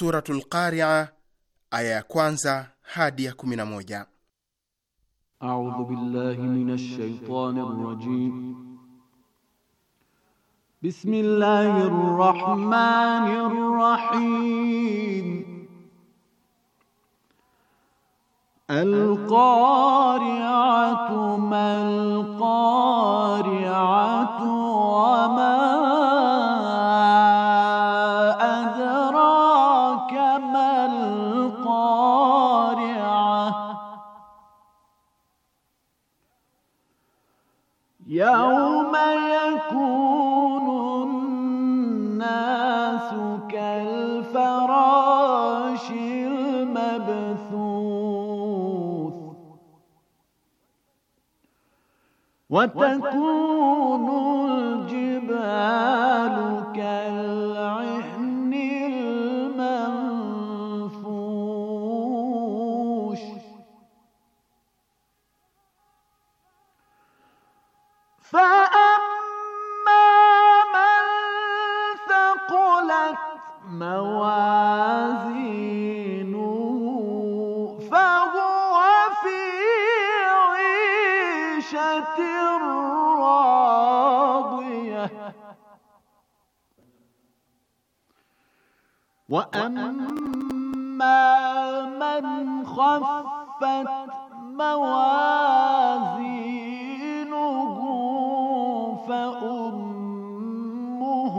Suratul Qaria aya ya kwanza hadi ya A'udhu billahi minash Bismillahir rahmanir rahim يوم يكون الناس كالفراش المبثوث وتكون وأما من خفت موازينه فأمه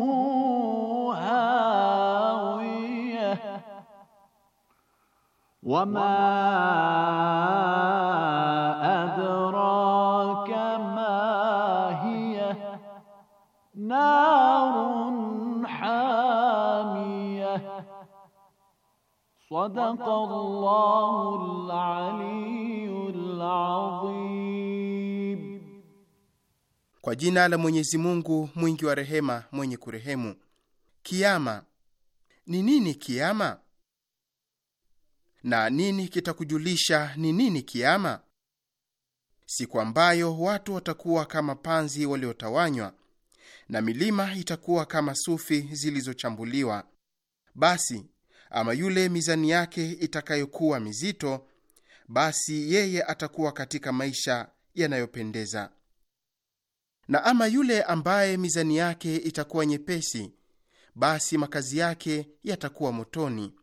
هاوية وما Kwa jina la Mwenyezi Mungu mwingi wa rehema mwenye kurehemu. Kiama ni nini? Kiama na nini kitakujulisha ni nini kiama? Siku ambayo watu watakuwa kama panzi waliotawanywa na milima itakuwa kama sufi zilizochambuliwa. Basi ama yule mizani yake itakayokuwa mizito, basi yeye atakuwa katika maisha yanayopendeza. Na ama yule ambaye mizani yake itakuwa nyepesi, basi makazi yake yatakuwa motoni.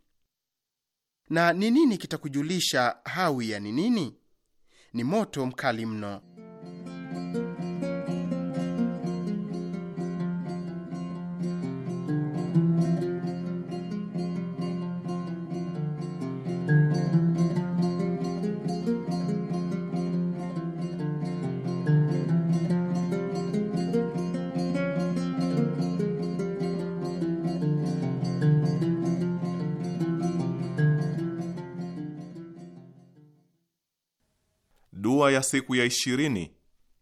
Na ni nini kitakujulisha hawi ya ni nini? Ni moto mkali mno. ya siku ya ishirini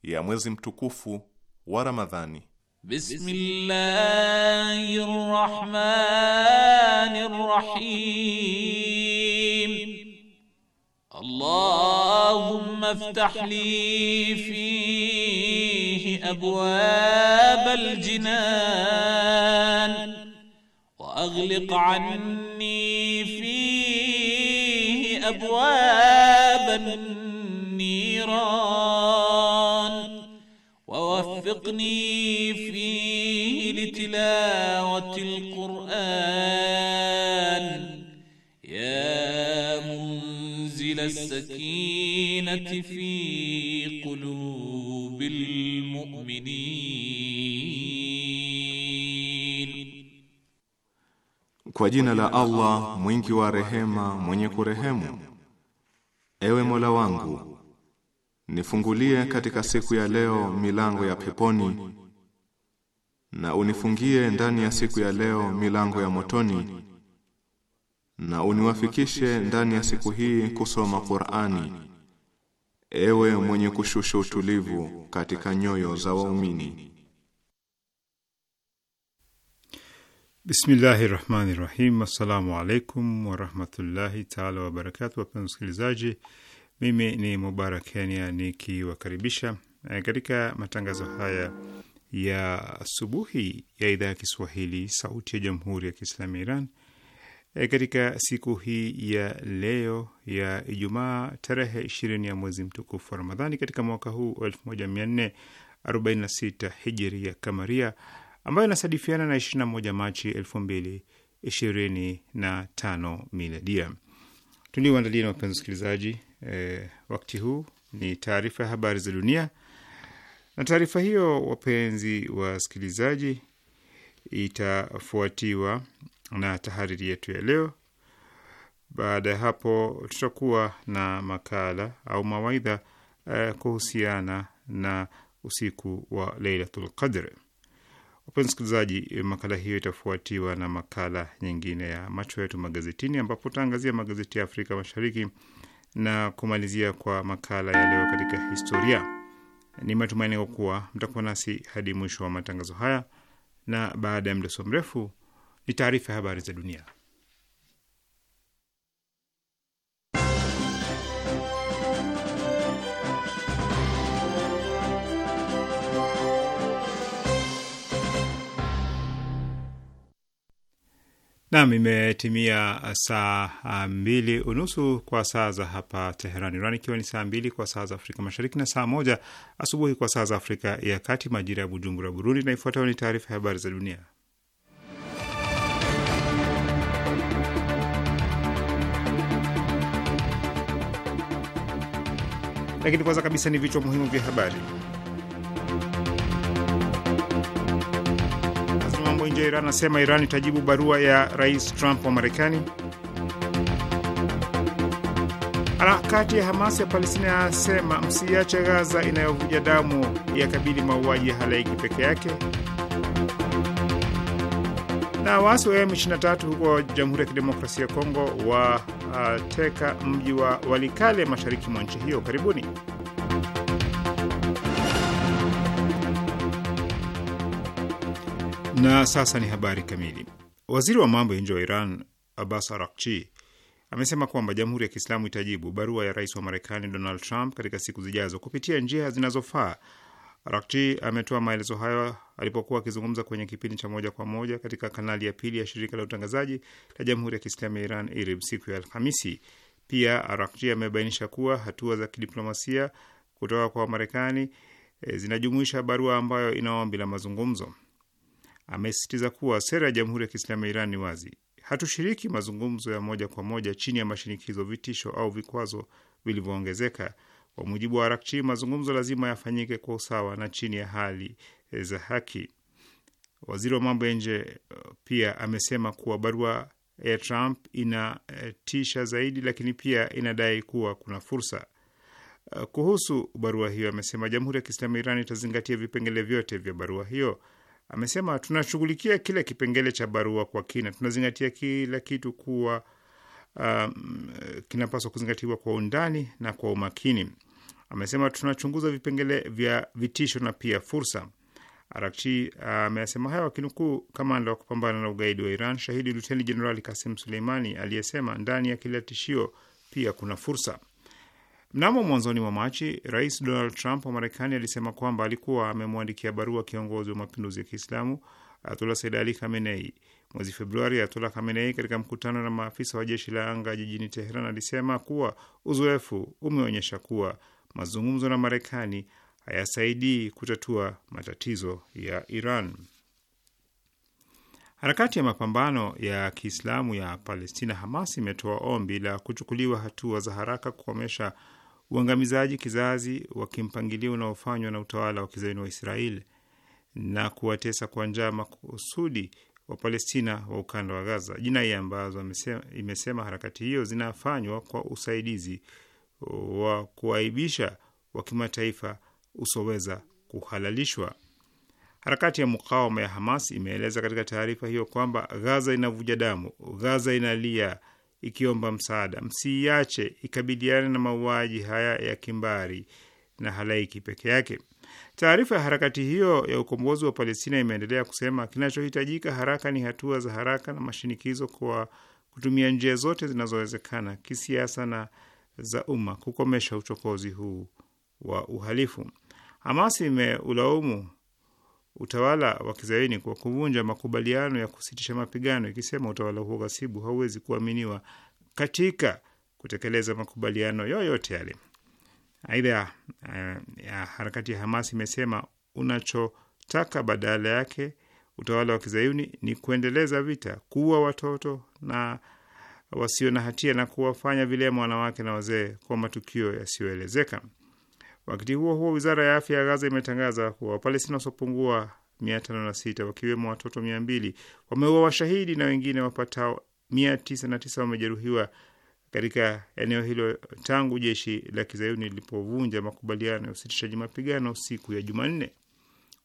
ya mwezi mtukufu wa Ramadhani. Bismillahir Rahmanir Rahim. Allahumma iftah li fihi abwab aljinan wa aghliq anni fihi abwab an القرآن ووفقني فيه لتلاوة القرآن يا منزل السكينة في قلوب المؤمنين Kwa jina la Allah mwingi wa rehema mwenye kurehemu Ewe Mola wangu Nifungulie katika siku ya leo milango ya peponi na unifungie ndani ya siku ya leo milango ya motoni na uniwafikishe ndani ya siku hii kusoma Qur'ani. Ewe mwenye kushusha utulivu katika nyoyo za waumini. Bismillahi rahmani rahim. Assalamu alaikum warahmatullahi taala wabarakatu. Wapenzi wa mimi ni Mubarak Kenya nikiwakaribisha eh, katika matangazo haya ya asubuhi ya idhaa ya Kiswahili sauti ya jamhuri ya Kiislamu ya Iran eh, katika siku hii ya leo ya Ijumaa tarehe ishirini ya mwezi mtukufu wa Ramadhani katika mwaka huu wa elfu moja mia nne arobaini na sita ya kamaria ambayo inasadifiana na ishirini na moja Machi elfu mbili ishirini na tano miladia. Tulioandalia na wapenzi wasikilizaji eh, wakati huu ni taarifa ya habari za dunia, na taarifa hiyo, wapenzi wasikilizaji, itafuatiwa na tahariri yetu ya leo. Baada ya hapo, tutakuwa na makala au mawaidha eh, kuhusiana na usiku wa Lailatul Qadr. Wapenzi msikilizaji, makala hiyo itafuatiwa na makala nyingine ya macho yetu magazetini, ambapo tutaangazia magazeti ya Afrika Mashariki na kumalizia kwa makala ya leo katika historia. Ni matumaini kwa kuwa mtakuwa nasi hadi mwisho wa matangazo haya, na baada ya mdoso mrefu ni taarifa ya habari za dunia. Nam, imetimia saa ah, mbili unusu kwa saa za hapa Teheran, Iran, ikiwa ni saa mbili kwa saa za Afrika Mashariki na saa moja asubuhi kwa saa za Afrika ya Kati, majira ya Bujumbura, Burundi. Na ifuatayo ni taarifa ya habari za dunia, lakini kwanza kabisa ni vichwa muhimu vya habari. nje ya Iran anasema Iran itajibu barua ya Rais Trump wa Marekani. Harakati ya Hamas ya Palestina yasema msiache Gaza inayovuja damu ya kabili mauaji ya halaiki peke yake. Na waasi wa M23 huko Jamhuri ya Kidemokrasia ya Kongo wateka mji wa Walikale mashariki mwa nchi hiyo. Karibuni. Na sasa ni habari kamili. Waziri wa mambo ya nje wa Iran Abbas Arakchi amesema kwamba Jamhuri ya Kiislamu itajibu barua ya rais wa Marekani Donald Trump katika siku zijazo kupitia njia zinazofaa. Rakchi ametoa maelezo hayo alipokuwa akizungumza kwenye kipindi cha moja kwa moja katika kanali ya pili ya shirika la utangazaji la Jamhuri ya Kiislamu ya Iran IRIB siku ya Alhamisi. Pia Rakchi amebainisha kuwa hatua za kidiplomasia kutoka kwa Marekani e, zinajumuisha barua ambayo ina ombi la mazungumzo amesisitiza kuwa sera ya Jamhuri ya Kiislamu ya Iran ni wazi: hatushiriki mazungumzo ya moja kwa moja chini ya mashinikizo, vitisho au vikwazo vilivyoongezeka. Kwa mujibu wa Arakchi, mazungumzo lazima yafanyike kwa usawa na chini ya hali za haki. Waziri wa mambo ya nje uh, pia amesema kuwa barua ya Trump inatisha zaidi, lakini pia inadai kuwa kuna fursa. Uh, kuhusu barua hiyo, amesema Jamhuri ya Kiislamu ya Iran itazingatia vipengele vyote vya barua hiyo amesema tunashughulikia kila kipengele cha barua kwa kina, tunazingatia kila kitu kuwa um, kinapaswa kuzingatiwa kwa undani na kwa umakini. Amesema tunachunguza vipengele vya vitisho na pia fursa. Arakchi amesema uh, hayo akinukuu kamanda wa kupambana na ugaidi wa Iran, shahidi luteni jenerali Kasim Suleimani aliyesema ndani ya kila tishio pia kuna fursa. Mnamo mwanzoni mwa Machi, Rais Donald Trump wa Marekani alisema kwamba alikuwa amemwandikia barua kiongozi wa mapinduzi ya Kiislamu Atula Said Ali Khamenei. Mwezi Februari, Atula Khamenei katika mkutano na maafisa wa jeshi la anga jijini Teheran alisema kuwa uzoefu umeonyesha kuwa mazungumzo na Marekani hayasaidii kutatua matatizo ya Iran. Harakati ya mapambano ya Kiislamu ya Palestina Hamas imetoa ombi la kuchukuliwa hatua za haraka kukomesha uangamizaji kizazi wa kimpangilio unaofanywa na utawala wa kizayuni wa Israeli na kuwatesa kwa njaa makusudi wa Palestina wa ukanda wa Gaza, jinai ambazo imesema, harakati hiyo zinafanywa kwa usaidizi wa kuaibisha wa kimataifa usoweza kuhalalishwa. Harakati ya mukawama ya Hamas imeeleza katika taarifa hiyo kwamba Gaza inavuja damu, Gaza inalia ikiomba msaada. Msiiache ikabiliane na mauaji haya ya kimbari na halaiki peke yake. Taarifa ya harakati hiyo ya ukombozi wa Palestina imeendelea kusema kinachohitajika haraka ni hatua za haraka na mashinikizo kwa kutumia njia zote zinazowezekana kisiasa na za umma kukomesha uchokozi huu wa uhalifu. Hamas imeulaumu utawala wa kizaini kwa kuvunja makubaliano ya kusitisha mapigano, ikisema utawala huo ghasibu hauwezi kuaminiwa katika kutekeleza makubaliano yoyote yale. Aidha, ya, eh, ya harakati ya Hamas imesema unachotaka badala yake utawala wa kizayuni ni kuendeleza vita, kuua watoto na wasio na hatia na kuwafanya vilema wanawake na wazee kwa matukio yasiyoelezeka. Wakati huo huo, wizara ya afya ya Gaza imetangaza kuwa Wapalestina wasiopungua 506 wakiwemo watoto 200 wameua washahidi na wengine wapatao 99 wamejeruhiwa katika eneo hilo tangu jeshi la kizayuni lilipovunja makubaliano ya usitishaji mapigano siku ya Jumanne.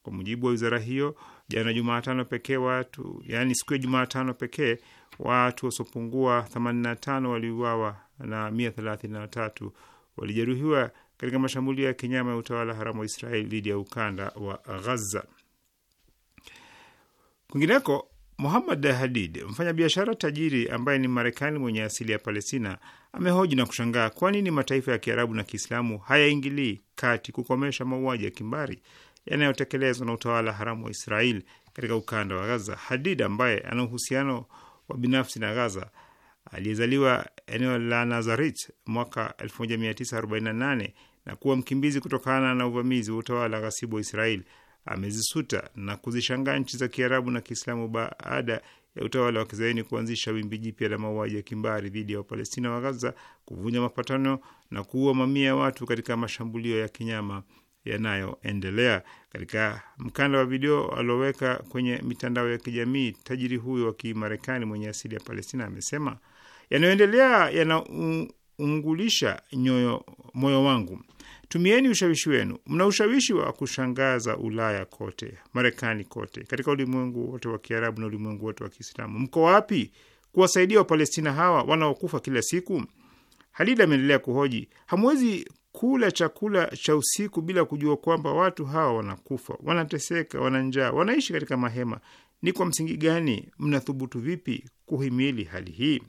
Kwa mujibu wa wizara hiyo, jana Jumatano pekee watu yani, siku ya Jumatano pekee watu wasiopungua 85 waliuawa na 133 walijeruhiwa katika mashambulio ya kinyama ya utawala haramu wa Israeli dhidi ya ukanda wa Ghaza. Kwingineko, Muhammad Hadid, mfanyabiashara tajiri ambaye ni Marekani mwenye asili ya Palestina, amehoji na kushangaa kwa nini mataifa ya Kiarabu na Kiislamu hayaingilii kati kukomesha mauaji ya kimbari yanayotekelezwa na utawala haramu wa Israeli katika ukanda wa Gaza. Hadid ambaye ana uhusiano wa binafsi na Gaza, aliyezaliwa eneo la nazarit mwaka 1948 na kuwa mkimbizi kutokana na uvamizi wa utawala ghasibu wa Israeli amezisuta na kuzishangaa nchi za Kiarabu na Kiislamu baada ya utawala wa kizaini kuanzisha wimbi jipya la mauaji ya kimbari dhidi ya Wapalestina wa Gaza, kuvunja mapatano na kuua mamia ya watu katika mashambulio ya kinyama yanayoendelea. Katika mkanda wa video alioweka kwenye mitandao ya kijamii, tajiri huyo wa Kimarekani mwenye asili ya Palestina amesema yanayoendelea yanaungulisha nyoyo moyo wangu. Tumieni ushawishi wenu. Mna ushawishi wa kushangaza Ulaya kote, Marekani kote, katika ulimwengu wote wa Kiarabu na ulimwengu wote wa Kiislamu. Mko wapi kuwasaidia Wapalestina hawa wanaokufa kila siku? Halid ameendelea kuhoji, hamwezi kula chakula cha usiku bila kujua kwamba watu hawa wanakufa, wanateseka, wana njaa, wanaishi katika mahema. Ni kwa msingi gani? Mnathubutu vipi kuhimili hali hii?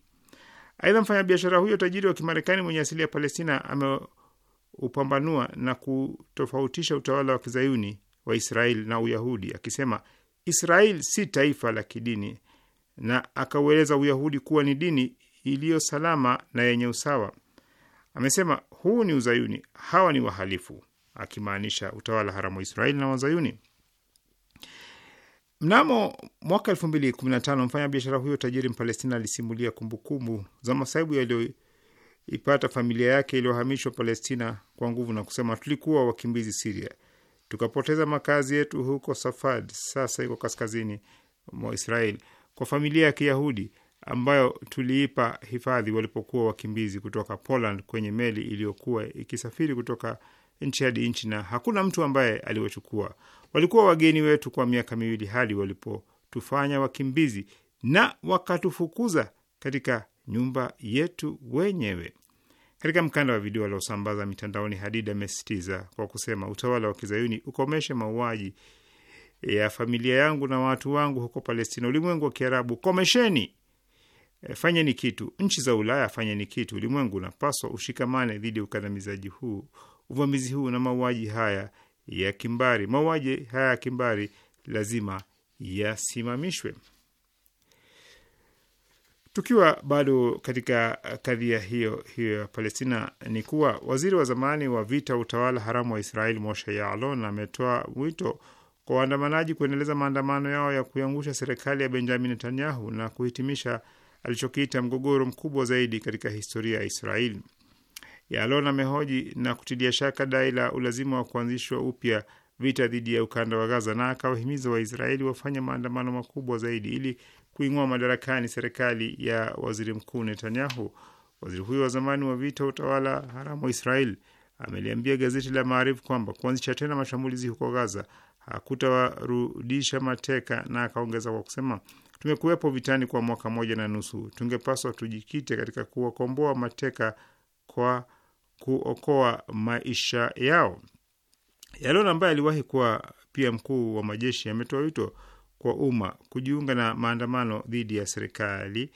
Aidha, mfanyabiashara huyo tajiri wa Kimarekani mwenye asili ya Palestina ameupambanua na kutofautisha utawala wa kizayuni wa Israel na Uyahudi akisema israel si taifa la kidini, na akaueleza Uyahudi kuwa ni dini iliyo salama na yenye usawa. Amesema huu ni Uzayuni, hawa ni wahalifu, akimaanisha utawala haramu wa Israeli na Wazayuni. Mnamo mwaka 2015 mfanya biashara huyo tajiri Mpalestina alisimulia kumbukumbu za masaibu yaliyoipata familia yake iliyohamishwa Palestina kwa nguvu na kusema, tulikuwa wakimbizi Siria, tukapoteza makazi yetu huko Safad, sasa iko kaskazini mwa israel kwa familia ya Kiyahudi ambayo tuliipa hifadhi walipokuwa wakimbizi kutoka Poland kwenye meli iliyokuwa ikisafiri kutoka nchi hadi nchi, na hakuna mtu ambaye aliwachukua. Walikuwa wageni wetu kwa miaka miwili hadi walipotufanya wakimbizi na wakatufukuza katika nyumba yetu wenyewe. Katika mkanda wa video aliosambaza mitandaoni, Hadid amesitiza kwa kusema, utawala wa kizayuni ukomeshe mauaji ya familia yangu na watu wangu huko Palestina. Ulimwengu wa Kiarabu, komesheni, eh, fanyeni kitu. Nchi za Ulaya, fanyeni kitu. Ulimwengu unapaswa ushikamane dhidi ya ukandamizaji huu, uvamizi huu na mauaji haya ya kimbari. Mauaji haya ya kimbari lazima yasimamishwe. Tukiwa bado katika kadhia hiyo hiyo ya Palestina, ni kuwa waziri wa zamani wa vita utawala haramu wa Israeli Moshe Yaalon ametoa wito kwa waandamanaji kuendeleza maandamano yao ya kuiangusha serikali ya Benjamin Netanyahu na kuhitimisha alichokiita mgogoro mkubwa zaidi katika historia ya Israeli. Yalon amehoji na kutilia shaka dai la ulazima wa kuanzishwa upya vita dhidi ya ukanda wa Gaza na akawahimiza Waisraeli wafanye maandamano makubwa zaidi ili kuing'oa madarakani serikali ya waziri mkuu Netanyahu. Waziri huyo wa zamani wa vita utawala haramu wa Israel ameliambia gazeti la Maarifu kwamba kuanzisha tena mashambulizi huko Gaza hakutawarudisha mateka, na akaongeza kwa kusema, tumekuwepo vitani kwa mwaka moja na nusu, tungepaswa tujikite katika kuwakomboa mateka kwa kuokoa maisha yao. Yalon ambaye aliwahi kuwa pia mkuu wa majeshi ametoa wito kwa umma kujiunga na maandamano dhidi ya serikali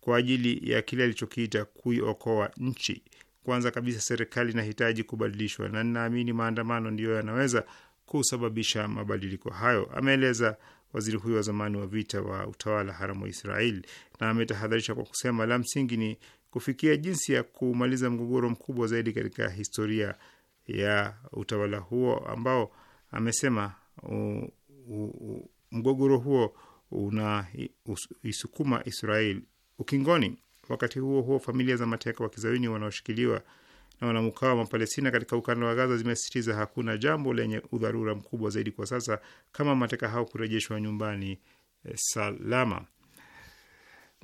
kwa ajili ya kile alichokiita kuiokoa nchi. Kwanza kabisa, serikali inahitaji kubadilishwa na ninaamini maandamano ndiyo yanaweza kusababisha mabadiliko hayo, ameeleza waziri huyo wa zamani wa vita wa utawala haramu wa Israeli, na ametahadharisha kwa kusema la msingi ni kufikia jinsi ya kumaliza mgogoro mkubwa zaidi katika historia ya utawala huo ambao amesema mgogoro huo unaisukuma Israel ukingoni. Wakati huo huo, familia za mateka wa kizayuni wanaoshikiliwa na wanamkawama wa Palestina katika ukanda wa Gaza zimesisitiza hakuna jambo lenye udharura mkubwa zaidi kwa sasa kama mateka hao kurejeshwa nyumbani eh, salama.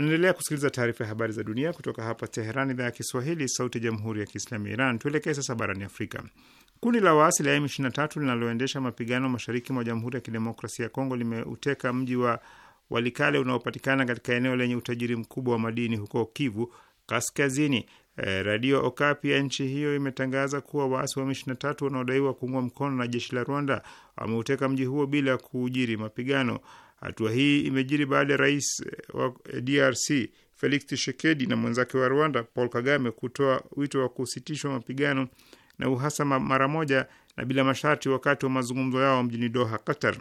Naendelea kusikiliza taarifa ya habari za dunia kutoka hapa Teheran, idhaa ya Kiswahili, sauti ya jamhuri ya kiislamu ya Iran. Tuelekee sasa barani Afrika. Kundi la waasi la M23 linaloendesha mapigano mashariki mwa jamhuri ya kidemokrasia ya Kongo limeuteka mji wa Walikale unaopatikana katika eneo lenye utajiri mkubwa wa madini huko Kivu Kaskazini. Eh, Radio Okapi ya nchi hiyo imetangaza kuwa waasi wa M23 wanaodaiwa kuungwa mkono na jeshi la Rwanda wameuteka mji huo bila kuujiri mapigano. Hatua hii imejiri baada ya rais eh, wa eh, DRC Felix Tshisekedi na mwenzake wa Rwanda Paul Kagame kutoa wito wa kusitishwa mapigano na uhasama mara moja na bila masharti wakati wa mazungumzo yao mjini Doha, Qatar.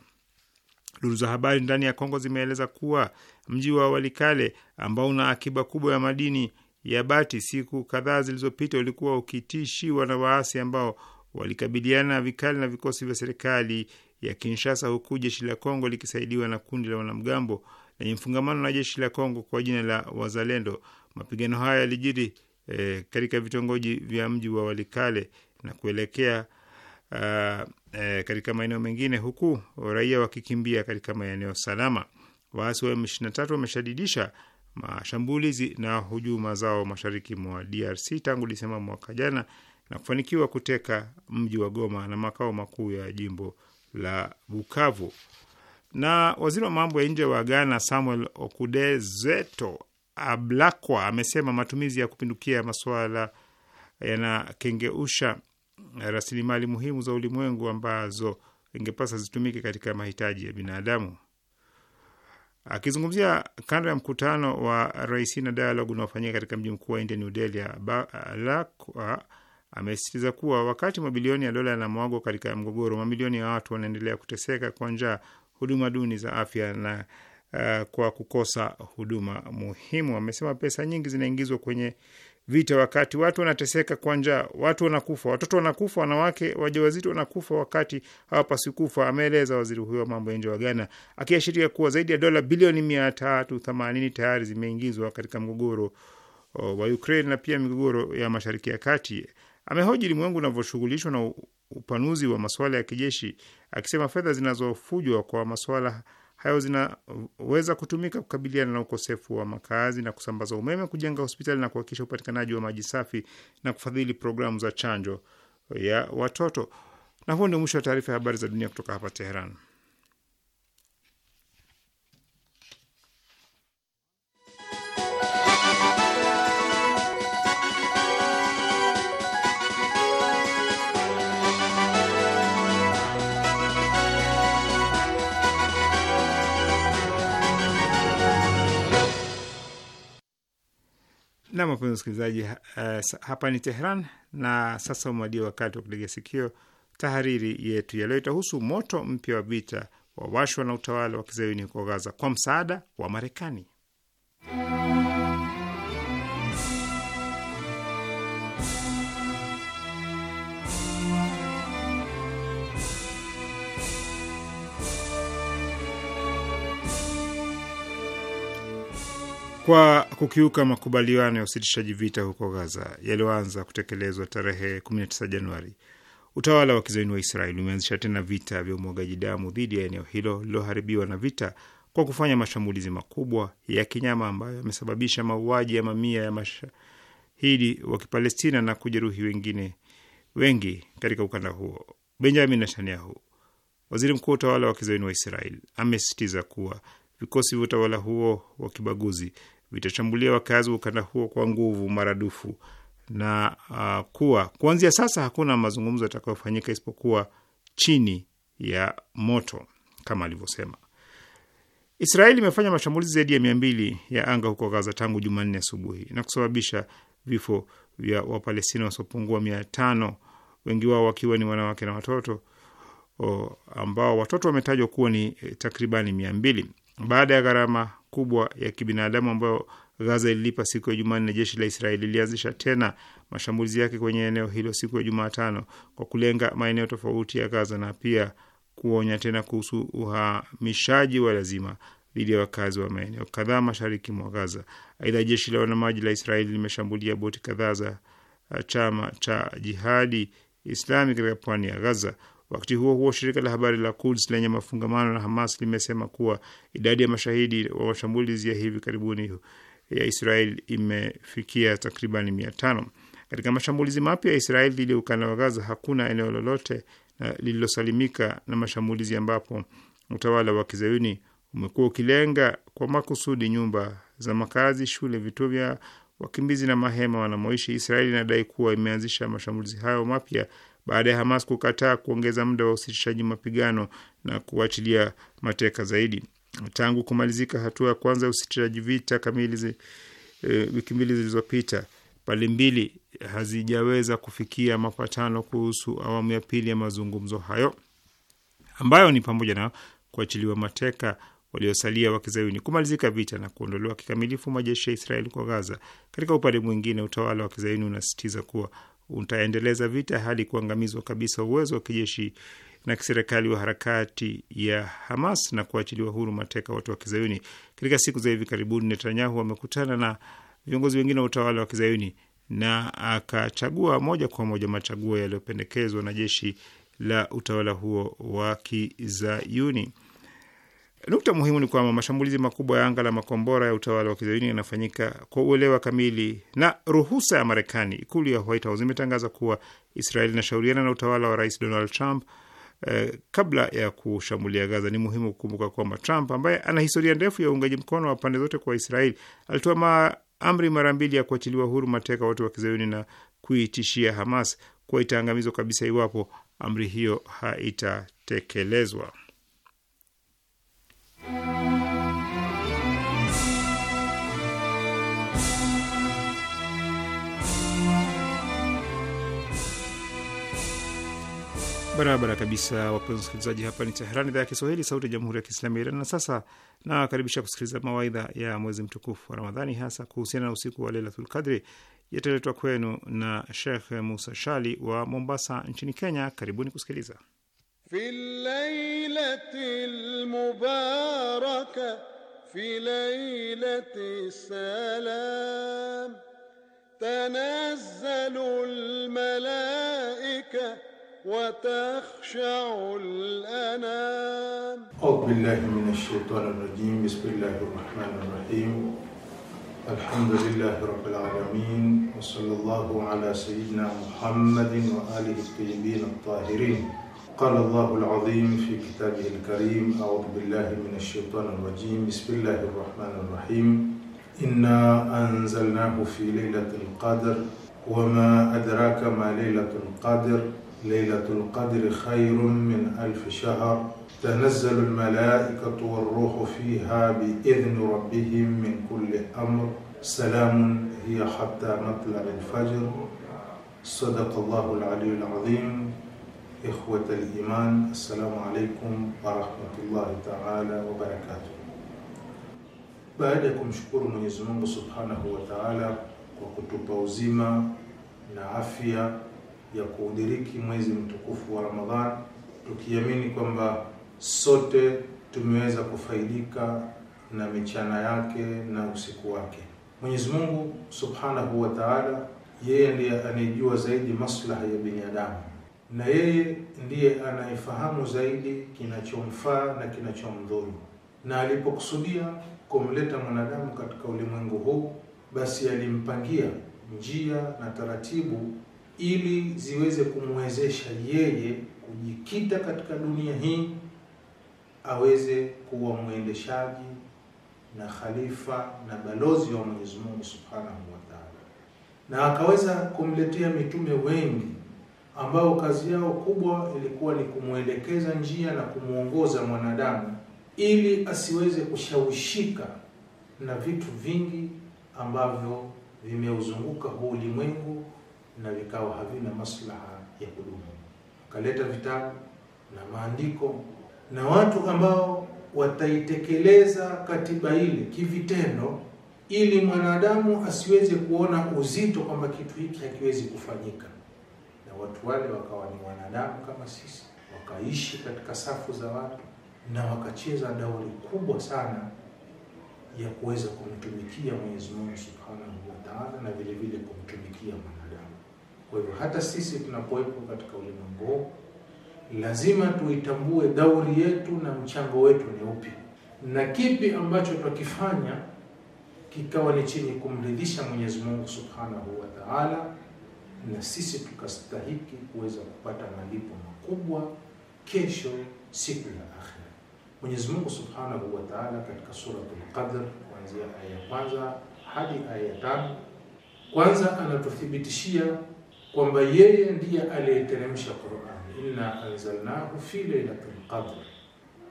Duru za habari ndani ya Kongo zimeeleza kuwa mji wa Walikale ambao una akiba kubwa ya madini ya bati, siku kadhaa zilizopita ulikuwa ukitishiwa na waasi ambao walikabiliana vikali na vikosi vya serikali ya Kinshasa, huku jeshi la Kongo likisaidiwa na kundi la wanamgambo lenye mfungamano na jeshi la Kongo kwa jina la Wazalendo. Mapigano haya yalijiri e, katika vitongoji vya mji wa Walikale na kuelekea Uh, e, katika maeneo mengine huku raia wakikimbia katika maeneo salama. Waasi wa M23 wameshadidisha mashambulizi na hujuma zao mashariki mwa DRC tangu Disemba mwaka jana na kufanikiwa kuteka mji wa Goma na makao makuu ya jimbo la Bukavu. Na waziri wa mambo ya nje wa Ghana Samuel Okudezeto Ablakwa amesema matumizi ya kupindukia masuala yanakengeusha rasilimali muhimu za ulimwengu ambazo ingepasa zitumike katika mahitaji ya binadamu. Akizungumzia kando ya mkutano wa rais na dialogue unaofanyika katika mji mkuu wa India, New Delhi, Ablakwa amesisitiza kuwa wakati mabilioni ya dola yanamwagwa katika mgogoro, mamilioni ya watu wanaendelea kuteseka kwa njaa, huduma duni za afya na uh, kwa kukosa huduma muhimu. Amesema pesa nyingi zinaingizwa kwenye vita, wakati watu wanateseka kwa njaa, watu wanakufa, watoto wanakufa, wanawake wajawazito wanakufa wakati hawapaswi kufa, ameeleza waziri huyo wa mambo ya nje wa Ghana, akiashiria kuwa zaidi ya dola bilioni mia tatu themanini tayari zimeingizwa katika mgogoro oh, wa Ukraine na pia migogoro ya Mashariki ya Kati. Amehoji limwengu unavyoshughulishwa na upanuzi wa masuala ya kijeshi, akisema fedha zinazofujwa kwa masuala hayo zinaweza kutumika kukabiliana na ukosefu wa makazi na kusambaza umeme, kujenga hospitali na kuhakikisha upatikanaji wa maji safi na kufadhili programu za chanjo ya watoto. Na huo ndio mwisho wa taarifa ya habari za dunia kutoka hapa Teheran. Nam, wapenzi wasikilizaji, uh, hapa ni Tehran na sasa umewadia wakati wa kutega sikio. Tahariri yetu ya leo itahusu moto mpya wa vita wawashwa na utawala wa kizayuni huko Gaza kwa msaada wa Marekani. kwa kukiuka makubaliano ya usitishaji vita huko Gaza yaliyoanza kutekelezwa tarehe 19 Januari. Utawala wa kizaini wa Israel umeanzisha tena vita vya umwagaji damu dhidi ya eneo hilo lililoharibiwa na vita kwa kufanya mashambulizi makubwa ya kinyama ambayo yamesababisha mauaji ya mamia ya mashahidi wa Kipalestina na kujeruhi wengine wengi katika ukanda huo. Benjamin Netanyahu, waziri mkuu wa utawala wa kizaini wa Israel, amesisitiza kuwa vikosi vya utawala huo wa kibaguzi vitashambulia wakazi wa ukanda huo kwa nguvu maradufu na uh, kuwa kuanzia sasa hakuna mazungumzo yatakayofanyika isipokuwa chini ya moto kama alivyosema. Israeli imefanya mashambulizi zaidi ya mia mbili ya anga huko Gaza tangu Jumanne asubuhi na kusababisha vifo vya Wapalestina wasiopungua mia tano, wengi wao wakiwa ni wanawake na watoto o, oh, ambao watoto wametajwa kuwa ni eh, takribani mia mbili baada ya gharama kubwa ya kibinadamu ambayo Gaza ililipa siku ya Jumanne, jeshi la Israeli lilianzisha tena mashambulizi yake kwenye eneo hilo siku ya Jumatano kwa kulenga maeneo tofauti ya Gaza na pia kuonya tena kuhusu uhamishaji wa lazima dhidi ya wakazi wa maeneo kadhaa mashariki mwa Gaza. Aidha, jeshi la wanamaji la Israeli limeshambulia boti kadhaa za uh, chama cha Jihadi Islami katika pwani ya Gaza. Wakati huo huo, shirika la habari la Quds lenye mafungamano na Hamas limesema kuwa idadi ya mashahidi wa mashambulizi ya hivi karibuni ya Israel imefikia takriban mia tano. Katika mashambulizi mapya ya Israel dhidi ya ukanda wa Gaza, hakuna eneo lolote lililosalimika na mashambulizi ambapo utawala wa kizayuni umekuwa ukilenga kwa makusudi nyumba za makazi, shule, vituo vya wakimbizi na mahema wanamoishi. Israeli inadai kuwa imeanzisha mashambulizi hayo mapya baada ya Hamas kukataa kuongeza muda wa usitishaji mapigano na kuachilia mateka zaidi. Tangu kumalizika hatua ya kwanza ya usitishaji vita kamili zi, e, wiki mbili zilizopita, pande mbili hazijaweza kufikia mapatano kuhusu awamu ya pili ya mazungumzo hayo ambayo ni pamoja na kuachiliwa mateka waliosalia wa kizayuni, kumalizika vita na kuondolewa kikamilifu majeshi ya Israeli kwa Gaza. Katika upande mwingine, utawala wa kizayuni unasisitiza kuwa utaendeleza vita hadi kuangamizwa kabisa uwezo wa kijeshi na kiserikali wa harakati ya Hamas na kuachiliwa huru mateka watu wa Kizayuni. Katika siku za hivi karibuni, Netanyahu amekutana na viongozi wengine wa utawala wa Kizayuni na akachagua moja kwa moja machaguo yaliyopendekezwa na jeshi la utawala huo wa Kizayuni. Nukta muhimu ni kwamba mashambulizi makubwa ya anga la makombora ya utawala wa kizayuni yanafanyika kwa uelewa kamili na ruhusa ya Marekani. Ikulu ya White House imetangaza kuwa Israeli inashauriana na utawala wa Rais Donald Trump eh, kabla ya kushambulia Gaza. Ni muhimu kukumbuka kwamba Trump ambaye ana historia ndefu ya uungaji mkono wa pande zote kwa Israeli alitoa maamri mara mbili ya kuachiliwa huru mateka wote wa kizayuni na kuitishia Hamas kuwa itaangamizwa kabisa iwapo amri hiyo haitatekelezwa. Barabara kabisa, wapenzi wasikilizaji, hapa ni Teheran, idhaa ya Kiswahili, sauti ya jamhuri ya kiislamu ya Iran. Na sasa nawakaribisha kusikiliza mawaidha ya mwezi mtukufu wa Ramadhani, hasa kuhusiana na usiku wa Lailatul Qadri. Yataletwa kwenu na Shekh Musa Shali wa Mombasa nchini Kenya. Karibuni kusikiliza. في الليلة المباركة في ليلة السلام تنزل الملائكة وتخشع الأنام أعوذ بالله من الشيطان الرجيم بسم الله الرحمن الرحيم الحمد لله رب العالمين وصلى الله على سيدنا محمد وآله الطيبين الطاهرين قال الله العظيم في كتابه الكريم أعوذ بالله من الشيطان الرجيم بسم الله الرحمن الرحيم إنا أنزلناه في ليلة القدر وما أدراك ما ليلة القدر ليلة القدر خير من ألف شهر تنزل الملائكة والروح فيها بإذن ربهم من كل أمر سلام هي حتى مطلع الفجر صدق الله العلي العظيم إخوة الإيمان السلام عليكم ورحمة الله تعالى وبركاته baada ya kumshukuru من Mungu Subhanahu wa Ta'ala kwa kutupa uzima na afya ya kuudiriki mwezi mtukufu wa Ramadhan, tukiamini kwamba sote tumeweza kufaidika na michana yake na usiku wake. Mwenyezi Mungu Subhanahu wa Ta'ala, yeye ndiye anayejua zaidi maslaha ya binadamu na yeye ndiye anayefahamu zaidi kinachomfaa na kinachomdhuru. Na alipokusudia kumleta mwanadamu katika ulimwengu huu, basi alimpangia njia na taratibu ili ziweze kumwezesha yeye kujikita katika dunia hii aweze kuwa mwendeshaji na khalifa na balozi wa Mwenyezi Mungu Subhanahu wa Ta'ala, na akaweza kumletea mitume wengi ambao kazi yao kubwa ilikuwa ni kumwelekeza njia na kumwongoza mwanadamu ili asiweze kushawishika na vitu vingi ambavyo vimeuzunguka huu ulimwengu na vikawa havina maslaha ya kudumu. Akaleta vitabu na maandiko na watu ambao wataitekeleza katiba ile kivitendo, ili mwanadamu asiweze kuona uzito kwamba kitu hiki hakiwezi kufanyika na watu wale wakawa ni wanadamu kama sisi, wakaishi katika safu za watu na wakacheza dauri kubwa sana ya kuweza kumtumikia Mwenyezi Mungu Subhanahu wa Ta'ala na vile vile kumtumikia mwanadamu. Kwa hivyo hata sisi tunapowepo katika ulimwengu huu lazima tuitambue dauri yetu na mchango wetu ni upi na kipi ambacho twakifanya kikawa ni chenye kumridhisha Mwenyezi Mungu Subhanahu wa Ta'ala na sisi tukastahiki kuweza kupata malipo makubwa kesho, siku ya akhira. Mwenyezi Mungu Subhanahu wa Ta'ala katika Suratul Qadr kuanzia aya ya kwanza hadi aya ya tano, kwanza anatuthibitishia kwamba yeye ndiye aliyeteremsha Qur'an, inna anzalnahu fi lailatul qadr,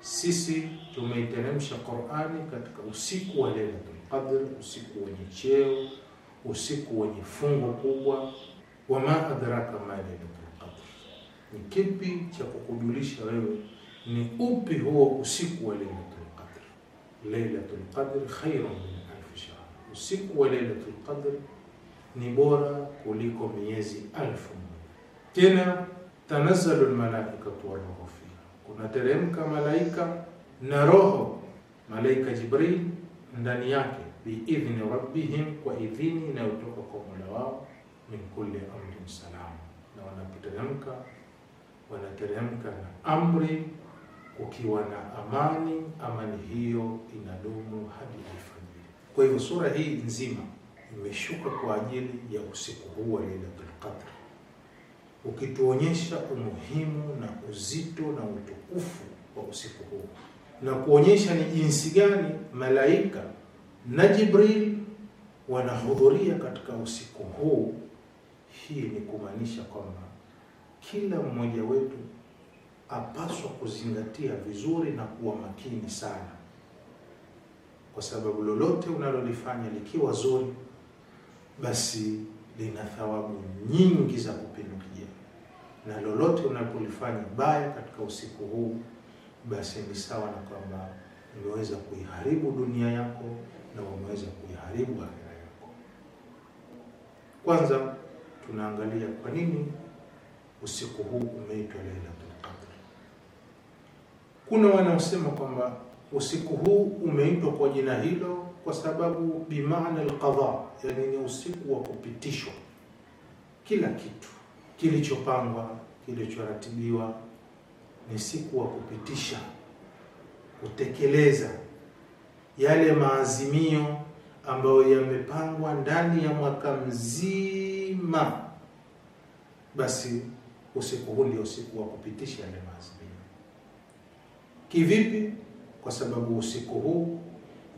sisi tumeiteremsha Qur'ani katika usiku wa lailatul qadr, usiku wenye cheo, usiku wenye fungo kubwa wama adraka ma lailatul qadr, ni kipi cha kukujulisha wewe ni upi huo usiku wa lailatul qadr. Lailatul qadr khairun min alf shahr, usiku wa lailatul qadr ni bora kuliko miezi alfu moja. Tena tanazzalu almalaikatu waruhu fiha, kunateremka malaika na roho, malaika Jibril ndani yake biidhni rabbihim, kwa idhini inayotoka kwa mola wao min kulli amrin salam, na wanapoteremka wanateremka na amri ukiwa na amani. Amani hiyo inadumu hadi alfajiri. Kwa hivyo sura hii nzima imeshuka kwa ajili ya usiku huu wa Lailatul Qadr, ukituonyesha umuhimu na uzito na utukufu wa usiku huu na kuonyesha ni jinsi gani malaika na Jibril wanahudhuria katika usiku huu hii ni kumaanisha kwamba kila mmoja wetu apaswa kuzingatia vizuri na kuwa makini sana, kwa sababu lolote unalolifanya likiwa zuri, basi lina thawabu nyingi za kupindukia, na lolote unapolifanya baya katika usiku huu, basi ni sawa na kwamba umeweza kuiharibu dunia yako na umeweza kuiharibu akhera yako. Kwanza tunaangalia kwa nini usiku huu umeitwa Lailatul Qadr. Kuna wanaosema kwamba usiku huu umeitwa kwa jina hilo kwa sababu bimaana alqadha, yani ni usiku wa kupitishwa kila kitu kilichopangwa, kilichoratibiwa, ni siku wa kupitisha, kutekeleza yale maazimio ambayo yamepangwa ndani ya mwaka mzima daima, basi usiku huu ndio usiku wa kupitisha yale maazimio. Kivipi? Kwa sababu usiku huu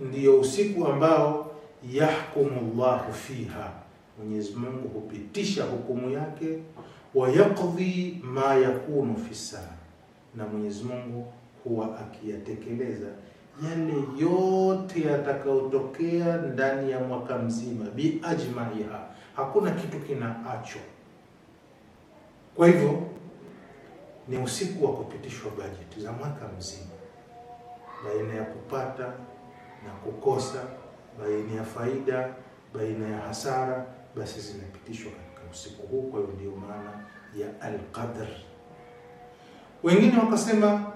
ndio usiku ambao yahkumu llahu fiha, Mwenyezi Mungu hupitisha hukumu yake, wa ma yakunu fi saa, na Mwenyezi Mungu huwa akiyatekeleza yale yote yatakayotokea ndani ya mwaka mzima biajmaiha hakuna kitu kinaachwa. Kwa hivyo ni usiku wa kupitishwa bajeti za mwaka mzima, baina ya kupata na kukosa, baina ya faida, baina ya hasara, basi zinapitishwa katika usiku huu. Kwa hiyo ndio maana ya Alqadr. Wengine wakasema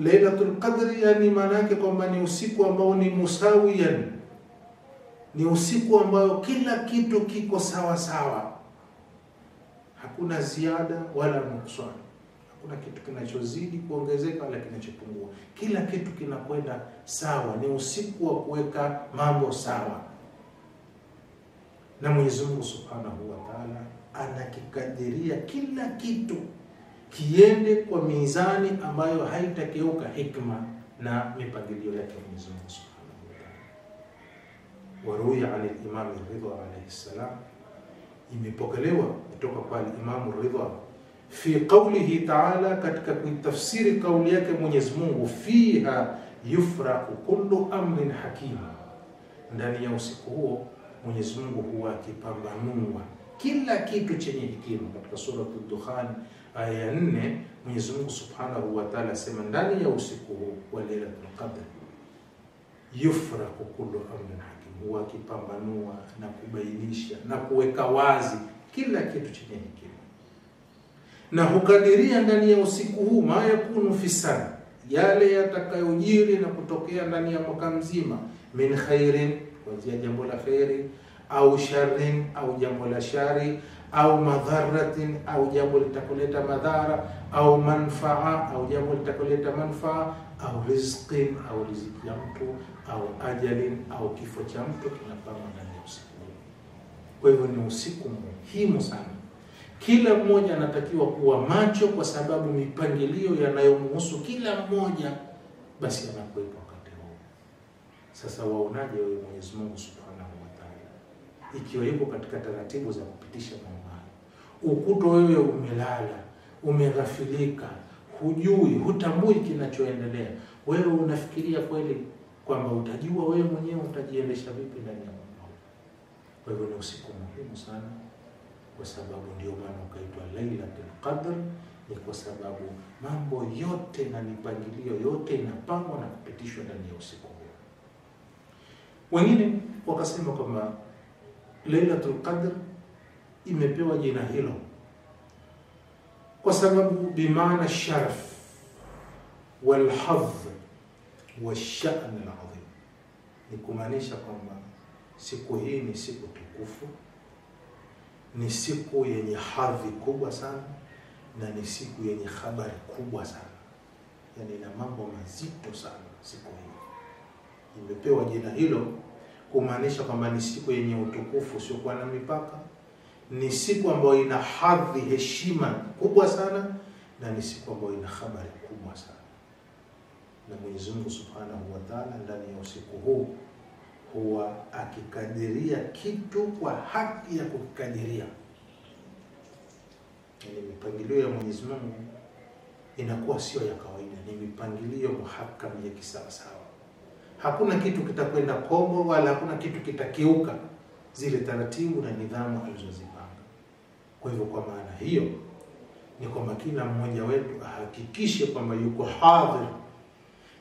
Lailatul Qadr, yani maana yake kwamba ni usiku ambao ni musawiyan ni usiku ambayo kila kitu kiko sawa sawa, hakuna ziada wala nuksani, hakuna kitu kinachozidi kuongezeka wala kinachopungua, kila kitu kinakwenda sawa. Ni usiku wa kuweka mambo sawa, na Mwenyezi Mungu Subhanahu wa Ta'ala anakikadiria kila kitu kiende kwa mizani ambayo haitakeuka hikma na mipangilio yake Mwenyezi Mungu waruya an Imam Ridha alayhi salam, imepokelewa kutoka kwa Imam Ridha fi qawlihi ta'ala, katika kuitafsiri kauli yake Mwenyezi Mungu, fiha yufraku kullu amrin hakim, ndani ya usiku huo Mwenyezi Mungu huwa akipambanua kila kitu chenye hikima Katika Surat Ad-Dukhan aya ya 4, Mwenyezi Mungu Subhanahu wa asema ndani ya usiku huu wa yufraku kullu amrin hakim wakipambanua na kubainisha na kuweka wazi kila kitu chenye hekima, na hukadiria ndani ya usiku huu mayakunu fisana, yale yatakayojiri na kutokea ndani ya mwaka mzima, min khairin, kuanzia jambo la kheri au sharrin, au jambo la shari au madharatin au jambo litakuleta madhara au manfaa au jambo litakuleta manfaa au rizqin au riziki ya mtu au ajalin au kifo cha mtu kinapangwa ndani ya usiku. Kwa hivyo ni usiku muhimu sana. Kila mmoja anatakiwa kuwa macho, kwa sababu mipangilio yanayomhusu kila mmoja basi yanakuwepo wakati huo. Sasa waonaje wewe Mwenyezi Mungu subhanahu ikiwa yuko katika taratibu za kupitisha mambo hayo. Ukuto wewe umelala, umeghafilika, hujui, hutambui kinachoendelea. Wewe unafikiria kweli kwamba utajua wewe mwenyewe utajiendesha vipi ndani ya mambo. Kwa hivyo ni usiku muhimu sana, kwa sababu ndio maana ukaitwa Lailatul Qadr, ni kwa sababu mambo yote na mipangilio yote inapangwa na kupitishwa ndani ya usiku huo. Wengine wakasema kwamba Lailatul Qadr imepewa jina hilo kwa sababu bimaana sharaf walhadh washan ladhim ni kumaanisha kwamba siku hii ni siku tukufu, ni siku yenye hadhi kubwa sana, na ni siku yenye habari kubwa sana, yani ina mambo mazito sana. Siku hii imepewa jina hilo kumaanisha kwamba ni siku yenye utukufu usiokuwa na mipaka, ni siku ambayo ina hadhi, heshima kubwa sana, na ni siku ambayo ina habari kubwa sana. Na Mwenyezi Mungu Subhanahu wa Ta'ala ndani ya usiku huu huwa akikadiria kitu kwa haki ya kukikadiria, ni yaani mipangilio ya Mwenyezi Mungu inakuwa sio ya kawaida, ni mipangilio muhakam ya kisawasawa. Hakuna kitu kitakwenda kombo wala hakuna kitu kitakiuka zile taratibu na nidhamu alizozipanga. Kwa hivyo, kwa maana hiyo ni kwamba kila mmoja wetu ahakikishe kwamba yuko hadhir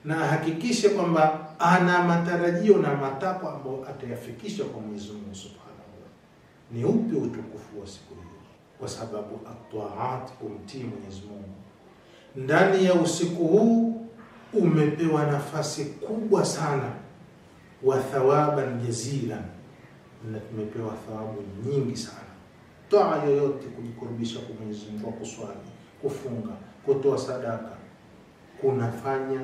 na ahakikishe kwamba ana matarajio na matakwa ambayo atayafikisha kwa Mwenyezi Mungu Subhanahu wa ni upi utukufu wa siku hiyo, kwa sababu atwaat kumtii Mwenyezi Mungu ndani ya usiku huu umepewa nafasi kubwa sana wa thawaban jazila, na tumepewa thawabu nyingi sana. Toa yoyote kujikurubisha kwa Mwenyezi Mungu, kuswali, kufunga, kutoa sadaka, kunafanya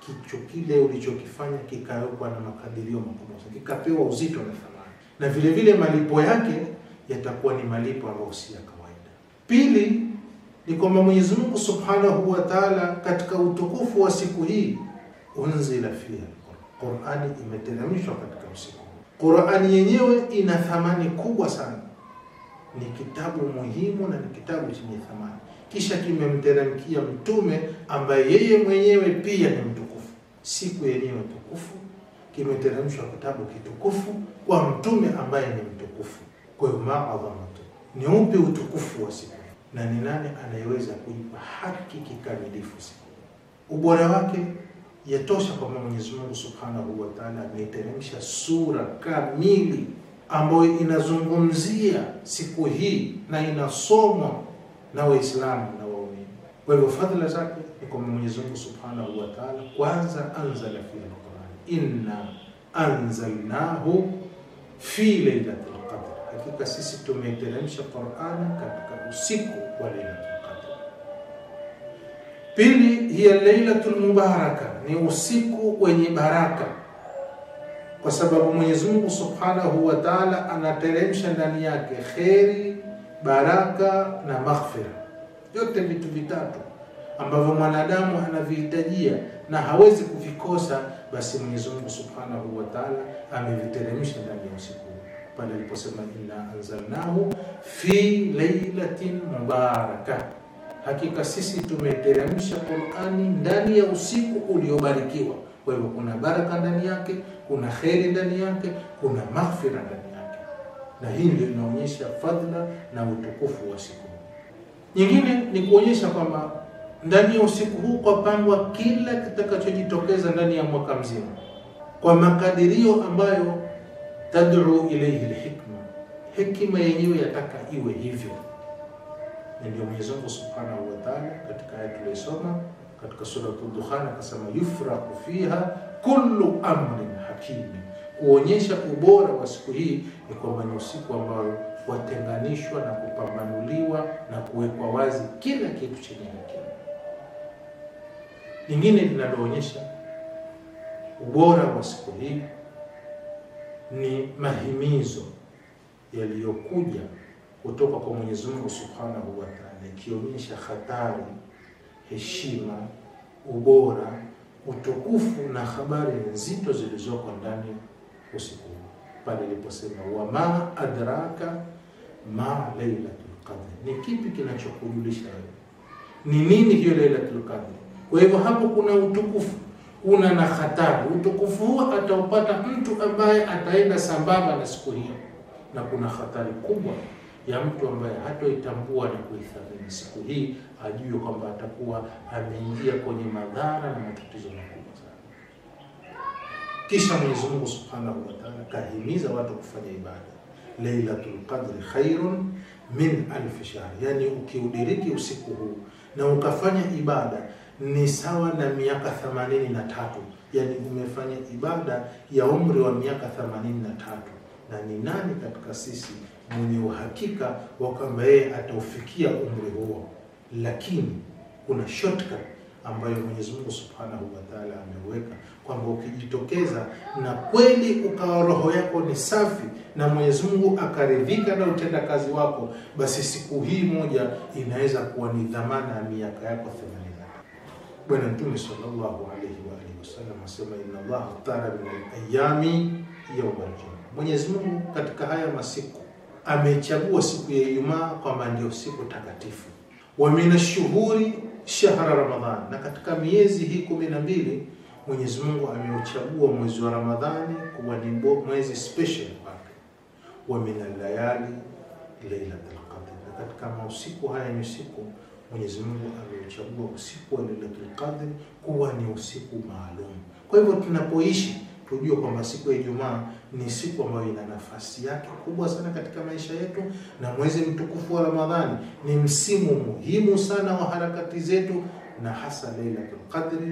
kicho kile ulichokifanya kikawekwa na makadirio makubwa, kikapewa uzito na thamani, na vile vile malipo yake yatakuwa ni malipo ambayo si ya kawaida. Pili, ni kwamba Mwenyezi Mungu Subhanahu wa Ta'ala katika utukufu wa siku hii unzila fiha Qur'ani imeteremshwa katika usiku. Qur'ani yenyewe ina thamani kubwa sana, ni kitabu muhimu na ni kitabu chenye thamani, kisha kimemteremkia mtume ambaye yeye mwenyewe pia ni mtukufu. Siku yenyewe tukufu, kimeteremshwa kitabu kitukufu kwa mtume ambaye ni mtukufu. Kwa hiyo maadhamatu, ni upi utukufu wa siku na ni nani anayeweza kuipa haki kikamilifu siku ubora wake yatosha kwamba Mwenyezi Mungu Subhanahu wa Ta'ala ameiteremsha sura kamili ambayo inazungumzia siku hii na inasomwa na Waislamu na waumini. Kwa hivyo fadhila zake ni kwamba Mwenyezi Mungu Subhanahu wa Ta'ala kwanza anzala fi al-Qur'an, inna anzalnahu fi lailatul qadr, hakika sisi tumeiteremsha Qur'an katika usiku wa Lailatul Qadr. Pili, hiya Lailatul Mubaraka, ni usiku wenye baraka, kwa sababu Mwenyezi Mungu Subhanahu wa Ta'ala anateremsha ndani yake kheri, baraka na maghfira, yote vitu vitatu ambavyo mwanadamu anavihitajia na hawezi kuvikosa, basi Mwenyezi Mungu Subhanahu wa Ta'ala ameviteremsha ndani ya usiku pale aliposema inna anzalnahu fi lailatin mubaraka, hakika sisi tumeteremsha Qur'ani ndani ya usiku uliobarikiwa. Kwa hivyo kuna baraka ndani yake, kuna kheri ndani yake, kuna maghfira ndani yake, na hii ndio inaonyesha fadhila na utukufu wa siku Nyingine ni kuonyesha kwamba ndani ya usiku huu kwapangwa kila kitakachojitokeza ndani ya mwaka mzima kwa makadirio ambayo tad'u ilayhi alhikma, hekima yenyewe yataka iwe hivyo. Na ndio Mwenyezi Mungu Subhanahu wa Ta'ala katika aya tuliyosoma katika sura Ad-Dukhan akasema yufraqu fiha kullu amrin hakim, kuonyesha ubora wa siku hii ni kwamba ni usiku ambao watenganishwa na kupambanuliwa na kuwekwa wazi kila kitu chenye hekima. Lingine linaloonyesha ubora wa siku hii ni mahimizo yaliyokuja kutoka kwa Mwenyezi Mungu Subhanahu wa Ta'ala, ikionyesha hatari, heshima, ubora, utukufu na habari nzito zilizoko ndani usiku pale iliposema, wama adraka ma lailatul qadr, ni kipi kinachokujulisha wewe ni nini hiyo lailatul qadr? Kwa hivyo hapo kuna utukufu una na khatabu. Utukufu huu ataupata mtu ambaye ataenda sambamba na siku hiyo, na kuna hatari kubwa ya mtu ambaye hatoitambua na kuithamini siku hii, ajue kwamba atakuwa ameingia kwenye madhara na matatizo makubwa sana. Kisha Mwenyezi Mungu Subhanahu wa Ta'ala kahimiza watu kufanya ibada, Lailatul Qadri khairun min alf shahr, yani ukiudiriki usiku huu na ukafanya ibada ni sawa na miaka themanini na tatu umefanya ibada ya umri wa miaka themanini na tatu na ni nani katika sisi mwenye uhakika wa kwamba yeye ataufikia umri huo? Lakini kuna shortcut ambayo Mwenyezi Mungu Subhanahu wataala ameweka kwamba ukijitokeza na kweli ukawa roho yako ni safi na Mwenyezi Mungu akaridhika na utendakazi wako, basi siku hii moja inaweza kuwa ni dhamana ya miaka yako themanini. Bwana Mtume sallallahu alayhi wa alihi wasallam asema, inna Allah tara min ayami yawmal Mwenyezi Mungu katika haya masiku amechagua siku ya Ijumaa kwamba ndio siku takatifu. Wa minashuhuri shahra Ramadhan, na katika miezi hii kumi na mbili Mwenyezi Mungu ameuchagua mwezi wa Ramadhani kuwa ni mwezi special kwake. Wa min al-layali laylatul qadr, na katika mausiku haya ni siku Mwenyezi Mungu amechagua usiku wa Lailatul Qadr kuwa ni usiku maalum. Kwa hivyo tunapoishi tujue kwamba siku ya Ijumaa ni siku ambayo ina nafasi yake kubwa sana katika maisha yetu, na mwezi mtukufu wa Ramadhani ni msimu muhimu sana wa harakati zetu, na hasa Lailatul Qadr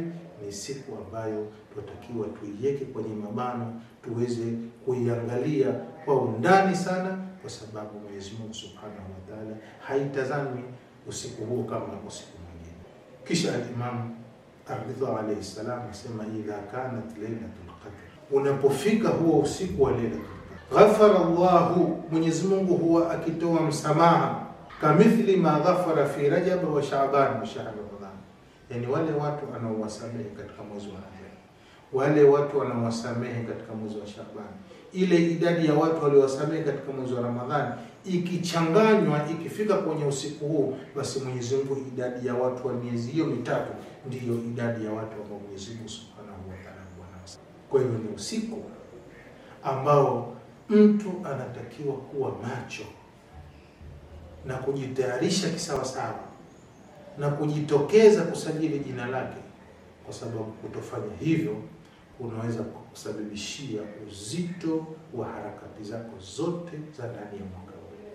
ni siku ambayo tunatakiwa tuiweke kwenye mabano, tuweze kuiangalia kwa undani sana, kwa sababu Mwenyezi Mungu Subhanahu wa Ta'ala haitazami usiku huo kama usiku mwingine. Kisha Imam Ridha alayhi salam asema, idha kanat laylatul qadr, unapofika huo usiku wa lailatul qadr, ghafara Allahu, Mwenyezi Mungu huwa akitoa msamaha, kamithli ma ghafara fi rajab wa shaaban wa shahr Ramadan, yani wale watu anaowasamehe katika mwezi wa Rajab, wale watu anaowasamehe katika mwezi wa Shaaban ile idadi ya watu waliowasamehe katika mwezi wa Ramadhani ikichanganywa ikifika kwenye usiku huu, basi Mwenyezi Mungu idadi ya watu wa miezi hiyo mitatu ndiyo idadi ya watu ambao Mwenyezi Mungu Subhanahu wa Ta'ala wanawasa. Kwa hiyo ni usiku ambao mtu anatakiwa kuwa macho na kujitayarisha kisawasawa na kujitokeza kusajili jina lake, kwa sababu kutofanya hivyo unaweza kusababishia uzito wa harakati zako zote za ndani ya mwaka huu.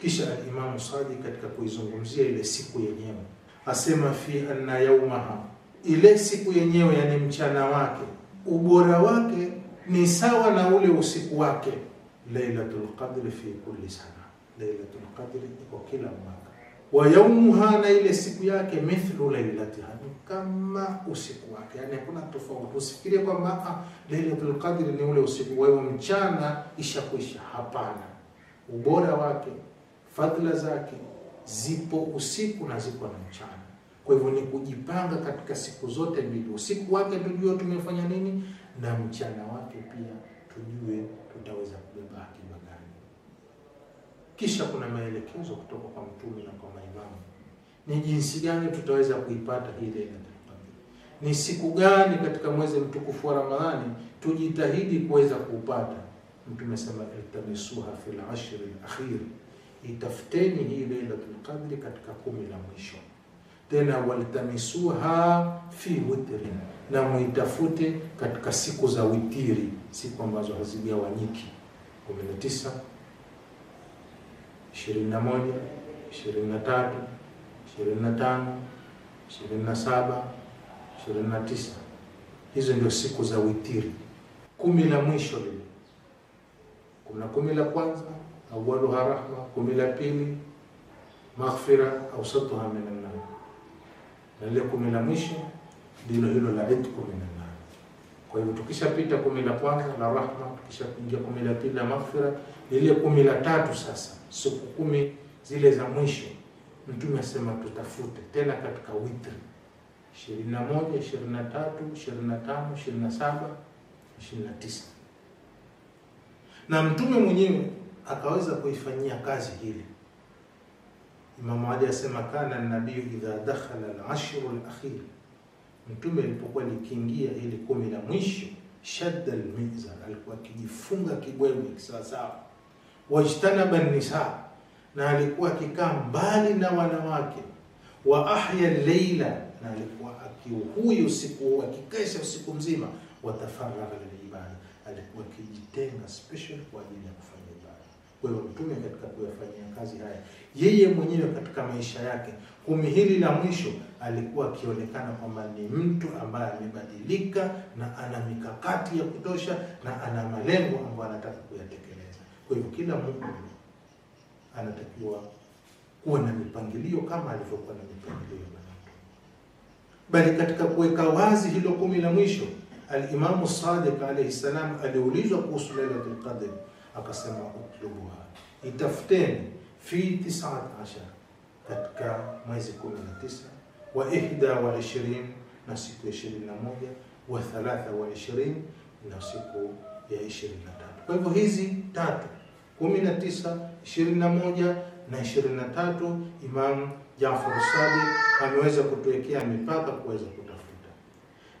Kisha Imamu Sadi katika kuizungumzia ile siku yenyewe asema fi anna yaumaha, ile siku yenyewe, yani mchana wake, ubora wake ni sawa na ule usiku wake. Lailatul Qadri fi kulli sana, Lailatul Qadri iko kila mwaka wa yaumuha, na ile siku yake mithlu lailatiha, kama usiku wake. Yani hakuna tofauti. Usifikirie kwamba ah, Lailatul Qadr ni ule usiku wa mchana ishakwisha. Hapana, ubora wake, fadhila zake zipo usiku na zipo na mchana. Kwa hivyo ni kujipanga katika siku zote mbili, usiku wake tujue tumefanya nini na mchana wake pia tujue tutaweza kubeba akiba gani. Kisha kuna maelekezo kutoka kwa Mtume na kwa ni jinsi gani tutaweza kuipata hii Lailatul Qadr, ni siku gani katika mwezi mtukufu wa Ramadhani tujitahidi kuweza kuupata. Mtume sema iltamisuha fil ashri al-akhir, itafuteni hii Lailatul Qadri katika kumi la mwisho. Tena waltamisuha fi witri, na muitafute katika siku za witiri, siku ambazo hazigawanyiki 19 21 23 25, 27, 29. Hizo ndio siku za witiri, kumi la mwisho lile. Kuna kumi la kwanza awaluha rahma, kumi la pili maghfira, ausatuha minan nar, na lile kumi la mwisho ndilo hilo la itqu minan nar. Kwa hivyo tukishapita kumi la kwanza la rahma, tukishaingia kumi la pili la maghfira, lile kumi la tatu sasa, siku kumi zile za mwisho Mtume asema tutafute tena katika witri 21, 23, 25, 27, 29 na mtume mwenyewe akaweza kuifanyia kazi hili. Imamu Ali asema kana nabiyu idha dakhala al-ashru al-akhir, mtume alipokuwa likiingia ili kumi la mwisho, shadda al-mizar, alikuwa akijifunga kibwembe kisawasawa, wajtanaba an-nisaa, na alikuwa akikaa mbali na wanawake, wa ahya leila, na alikuwa akiuhuyi usiku huu akikesha usiku mzima, watafaragha lilibada, alikuwa akijitenga special kwa ajili ya kufanya ibada. Kwa hiyo Mtume katika kuyafanyia kazi haya, yeye mwenyewe katika maisha yake, kumi hili la mwisho, alikuwa akionekana kwamba ni mtu ambaye amebadilika na ana mikakati ya kutosha na ana malengo ambayo anataka kuyatekeleza. Kwa hivyo kila mtu anatakiwa kuwa na mipangilio kama alivyokuwa na mipangilio ya mwanamke. Bali katika kuweka wazi hilo kumi la mwisho, Alimamu Sadiq alayhi salam aliulizwa kuhusu Lailatul Qadr, akasema utlubuha, itafuteni fi 19 katika mwezi 19 wa ihda na siku ya 21 wa thalatha wal ishirin, na siku ya 23. Kwa hivyo hizi tatu 19, na 23, Imam Jafar Sadiq ameweza kutuwekea mipaka kuweza kutafuta,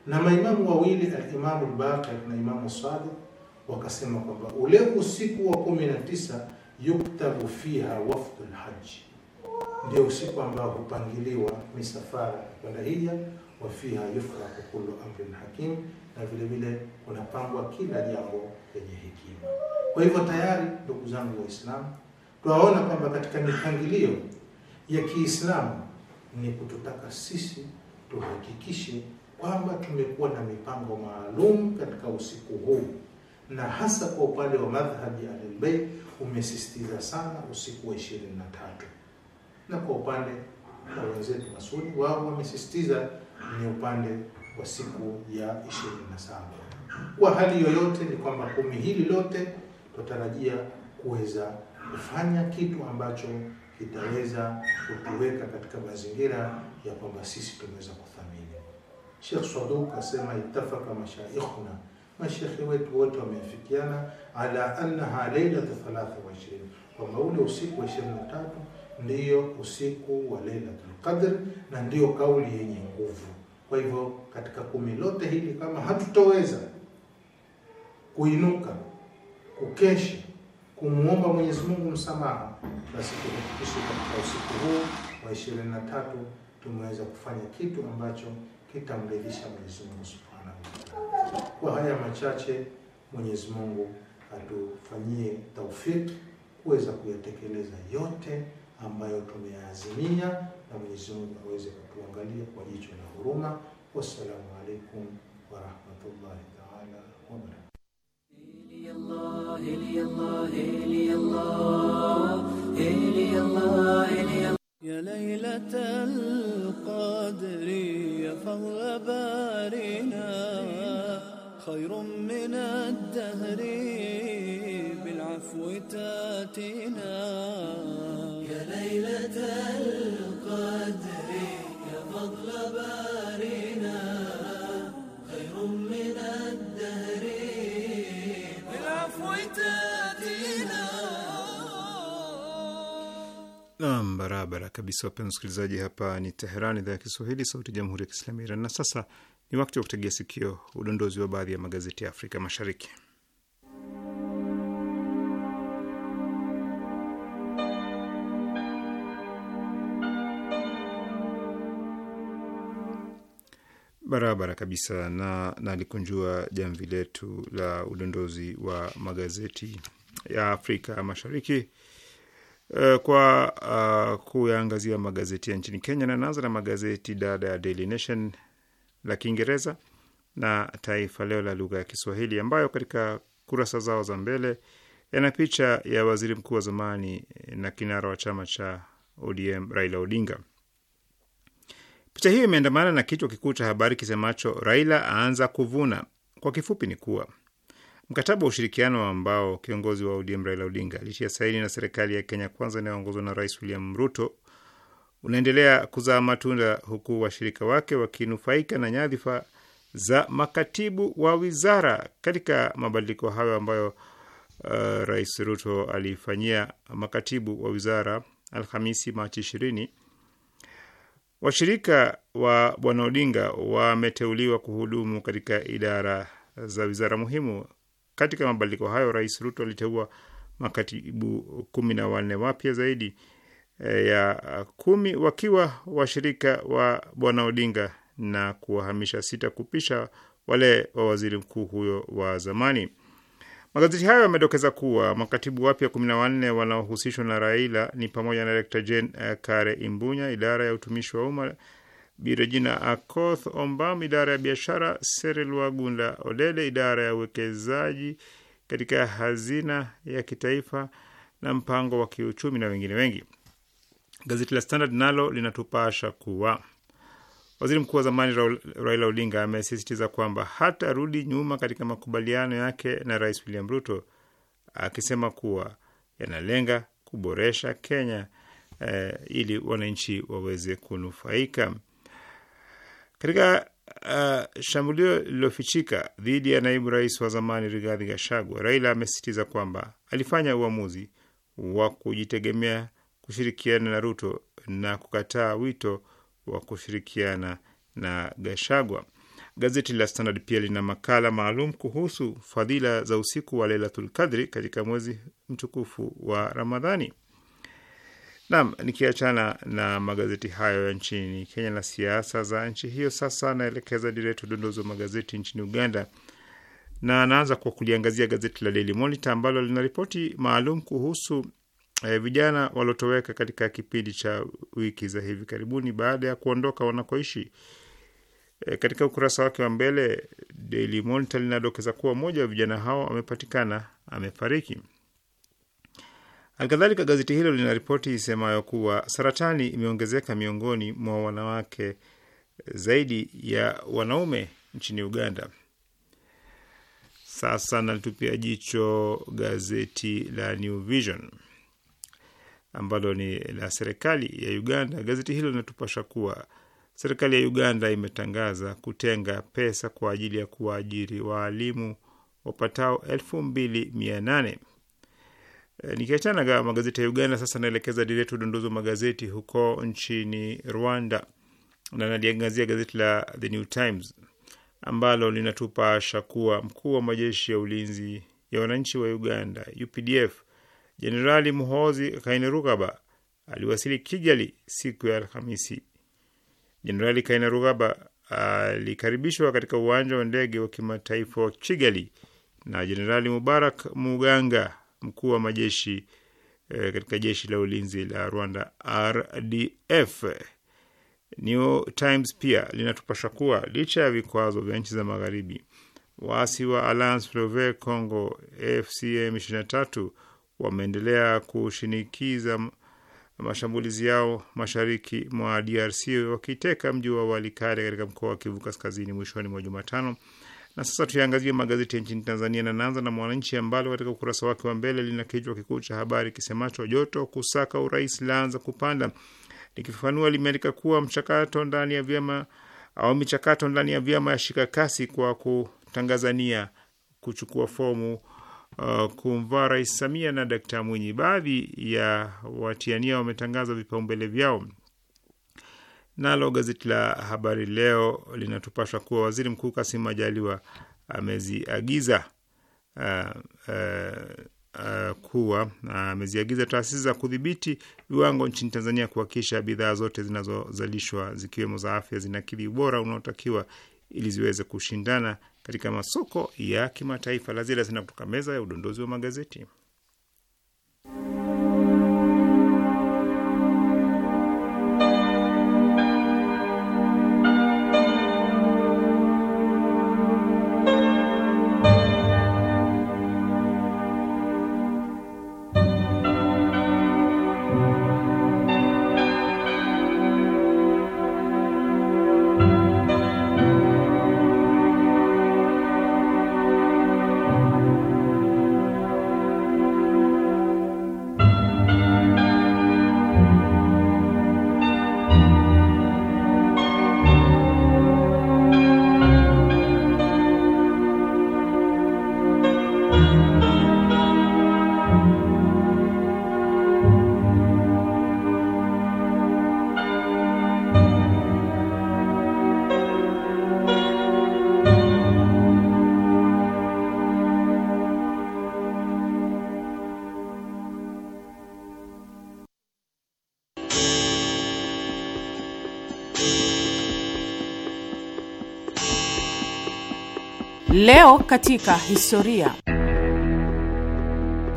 na maimamu wawili al-Imamu al na Imamu Sadiq wakasema kwamba ule usiku wa 19 yuktabu fiha wafdu lhaji ndio usiku ambao hupangiliwa misafara kwenda hija, wa fiha yufraku kullu amrin hakim na vile vile kunapangwa kila jambo lenye hekima. Kwa hivyo tayari, ndugu zangu Waislamu, twaona kwamba katika mipangilio ya Kiislamu ni kututaka sisi tuhakikishe kwamba tumekuwa na mipango maalum katika usiku huu, na hasa kwa upande wa madhhabi ya Ahlul umesisitiza sana usiku wa ishirini na tatu, na kwa upande wa wenzetu Masuni wao wamesisitiza ni upande wa siku ya 27. Kwa hali yoyote ni kwamba kumi hili lote tutarajia kuweza kufanya kitu ambacho kitaweza kutuweka katika mazingira ya kwamba sisi tumeweza kuthamini. Sheikh Saduq asema ittafaka mashaikhuna, mashekhe wetu wote wameafikiana ala annaha lailatu 23, kwamba ule usiku wa 23 ndiyo usiku wa Lailatul Qadr, na ndiyo kauli yenye nguvu kwa hivyo katika kumi lote hili, kama hatutoweza kuinuka, kukesha, kumwomba Mwenyezi Mungu msamaha, basi tuhakikishe katika usiku huu wa ishirini na tatu tumeweza kufanya kitu ambacho kitamridhisha Mwenyezi Mungu Subhanahu wa Kwa haya machache, Mwenyezi Mungu atufanyie taufiki kuweza kuyatekeleza yote ambayo tumeyaazimia, na Mwenyezi Mungu aweze kutuangalia kwa jicho la huruma. Wassalamu alaikum warahmatullahi taala wabarakatuh. يا خير من الدهر بالعفو تاتنا Nam, barabara kabisa, wapenzi msikilizaji, hapa ni Teheran, idhaa ya Kiswahili, sauti ya jamhuri ya kiislamu ya Iran. Na sasa ni wakati wa kutegea sikio udondozi wa baadhi ya magazeti ya Afrika Mashariki. Barabara kabisa na nalikunjua jamvi letu la udondozi wa magazeti ya Afrika Mashariki Eh, kwa uh, kuyaangazia magazeti ya nchini Kenya, na naanza na magazeti dada ya Daily Nation la Kiingereza na Taifa Leo la lugha ya Kiswahili ambayo katika kurasa zao za mbele yana picha ya waziri mkuu wa zamani na kinara wa chama cha ODM Raila Odinga. Picha hiyo imeandamana na kichwa kikuu cha habari kisemacho Raila aanza kuvuna. Kwa kifupi ni kuwa Mkataba wa ushirikiano ambao kiongozi wa ODM Raila Odinga alitia saini na serikali ya Kenya Kwanza inayoongozwa na Rais William Ruto unaendelea kuzaa matunda huku washirika wake wakinufaika na nyadhifa za makatibu wa wizara katika mabadiliko hayo ambayo uh, Rais Ruto alifanyia makatibu wa wizara Alhamisi Machi ishirini. Washirika wa Bwana Odinga wameteuliwa kuhudumu katika idara za wizara muhimu katika mabadiliko hayo, Rais Ruto aliteua makatibu kumi na wanne wapya zaidi eh, ya eh, kumi wakiwa washirika wa Bwana Odinga na kuwahamisha sita kupisha wale wa waziri mkuu huyo wa zamani. Magazeti hayo yamedokeza kuwa makatibu wapya kumi na wanne wanaohusishwa na Raila ni pamoja na Dkt Jane eh, Kare Imbunya, idara ya utumishi wa umma Bi Regina Akoth Ombam, idara ya biashara; Seril Wagunda Odede, idara ya uwekezaji katika hazina ya kitaifa na mpango wa kiuchumi, na wengine wengi. Gazeti la Standard nalo linatupasha kuwa waziri mkuu wa zamani Raila Odinga amesisitiza kwamba hatarudi nyuma katika makubaliano yake na Rais William Ruto, akisema kuwa yanalenga kuboresha Kenya eh, ili wananchi waweze kunufaika. Katika uh, shambulio lililofichika dhidi ya naibu rais wa zamani Rigathi Gachagua, Raila amesisitiza kwamba alifanya uamuzi wa kujitegemea kushirikiana na Ruto na kukataa wito wa kushirikiana na Gachagua. Gazeti la Standard pia lina makala maalum kuhusu fadhila za usiku wa Lailatul Qadri katika mwezi mtukufu wa Ramadhani. Naam, nikiachana na magazeti hayo ya nchini Kenya na siasa za nchi hiyo, sasa naelekeza dira yetu wa magazeti nchini Uganda, na anaanza kwa kuliangazia gazeti la Daily Monitor ambalo lina ripoti maalum kuhusu eh, vijana waliotoweka katika kipindi cha wiki za hivi karibuni baada ya kuondoka wanakoishi. Eh, katika ukurasa wake wa mbele Daily Monitor linadokeza kuwa mmoja wa vijana hao amepatikana amefariki alikadhalika gazeti hilo lina ripoti isemayo kuwa saratani imeongezeka miongoni mwa wanawake zaidi ya wanaume nchini Uganda. Sasa nalitupia jicho gazeti la New Vision ambalo ni la serikali ya Uganda. Gazeti hilo linatupasha kuwa serikali ya Uganda imetangaza kutenga pesa kwa ajili ya kuwaajiri waalimu wapatao elfu mbili mia nane Eh, nikiachana na magazeti ya Uganda, sasa naelekeza dira yetu wa magazeti huko nchini Rwanda, na naliangazia gazeti la The New Times ambalo linatupasha kuwa mkuu wa majeshi ya ulinzi ya wananchi wa Uganda UPDF Jenerali Muhozi Kainerugaba aliwasili Kigali siku ya Alhamisi. Jenerali Kainerugaba alikaribishwa katika uwanja wa ndege wa kimataifa wa Kigali na Jenerali Mubarak Muganga mkuu wa majeshi e, katika jeshi la ulinzi la Rwanda RDF. New Times pia linatupasha kuwa licha ya vikwazo vya nchi za magharibi, waasi wa Alliance Fleuve Congo fcm 23 wameendelea kushinikiza mashambulizi yao mashariki mwa DRC wakiteka mji wa Walikale katika mkoa wa Kivu Kaskazini mwishoni mwa Jumatano na sasa tuyaangazie magazeti ya nchini Tanzania, na naanza na Mwananchi ambalo katika ukurasa wake wa mbele lina kichwa kikuu cha habari kisemacho joto kusaka urais laanza kupanda. Likifafanua, limeandika kuwa mchakato ndani ya vyama au michakato ndani ya vyama ya kasi kwa kutangazania kuchukua fomu uh, kumvaa Rais Samia na Dkt Mwinyi. Baadhi ya watiania wametangaza vipaumbele vyao Nalo gazeti la Habari Leo linatupasha kuwa waziri mkuu Kasim Majaliwa ameziagiza uh, uh, Uh, kuwa uh, ameziagiza uh, taasisi za kudhibiti viwango nchini Tanzania kuhakikisha bidhaa zote zinazozalishwa zikiwemo za afya zinakidhi ubora unaotakiwa ili ziweze kushindana katika masoko ya kimataifa. La ziada zina kutoka meza ya udondozi wa magazeti. Leo katika historia.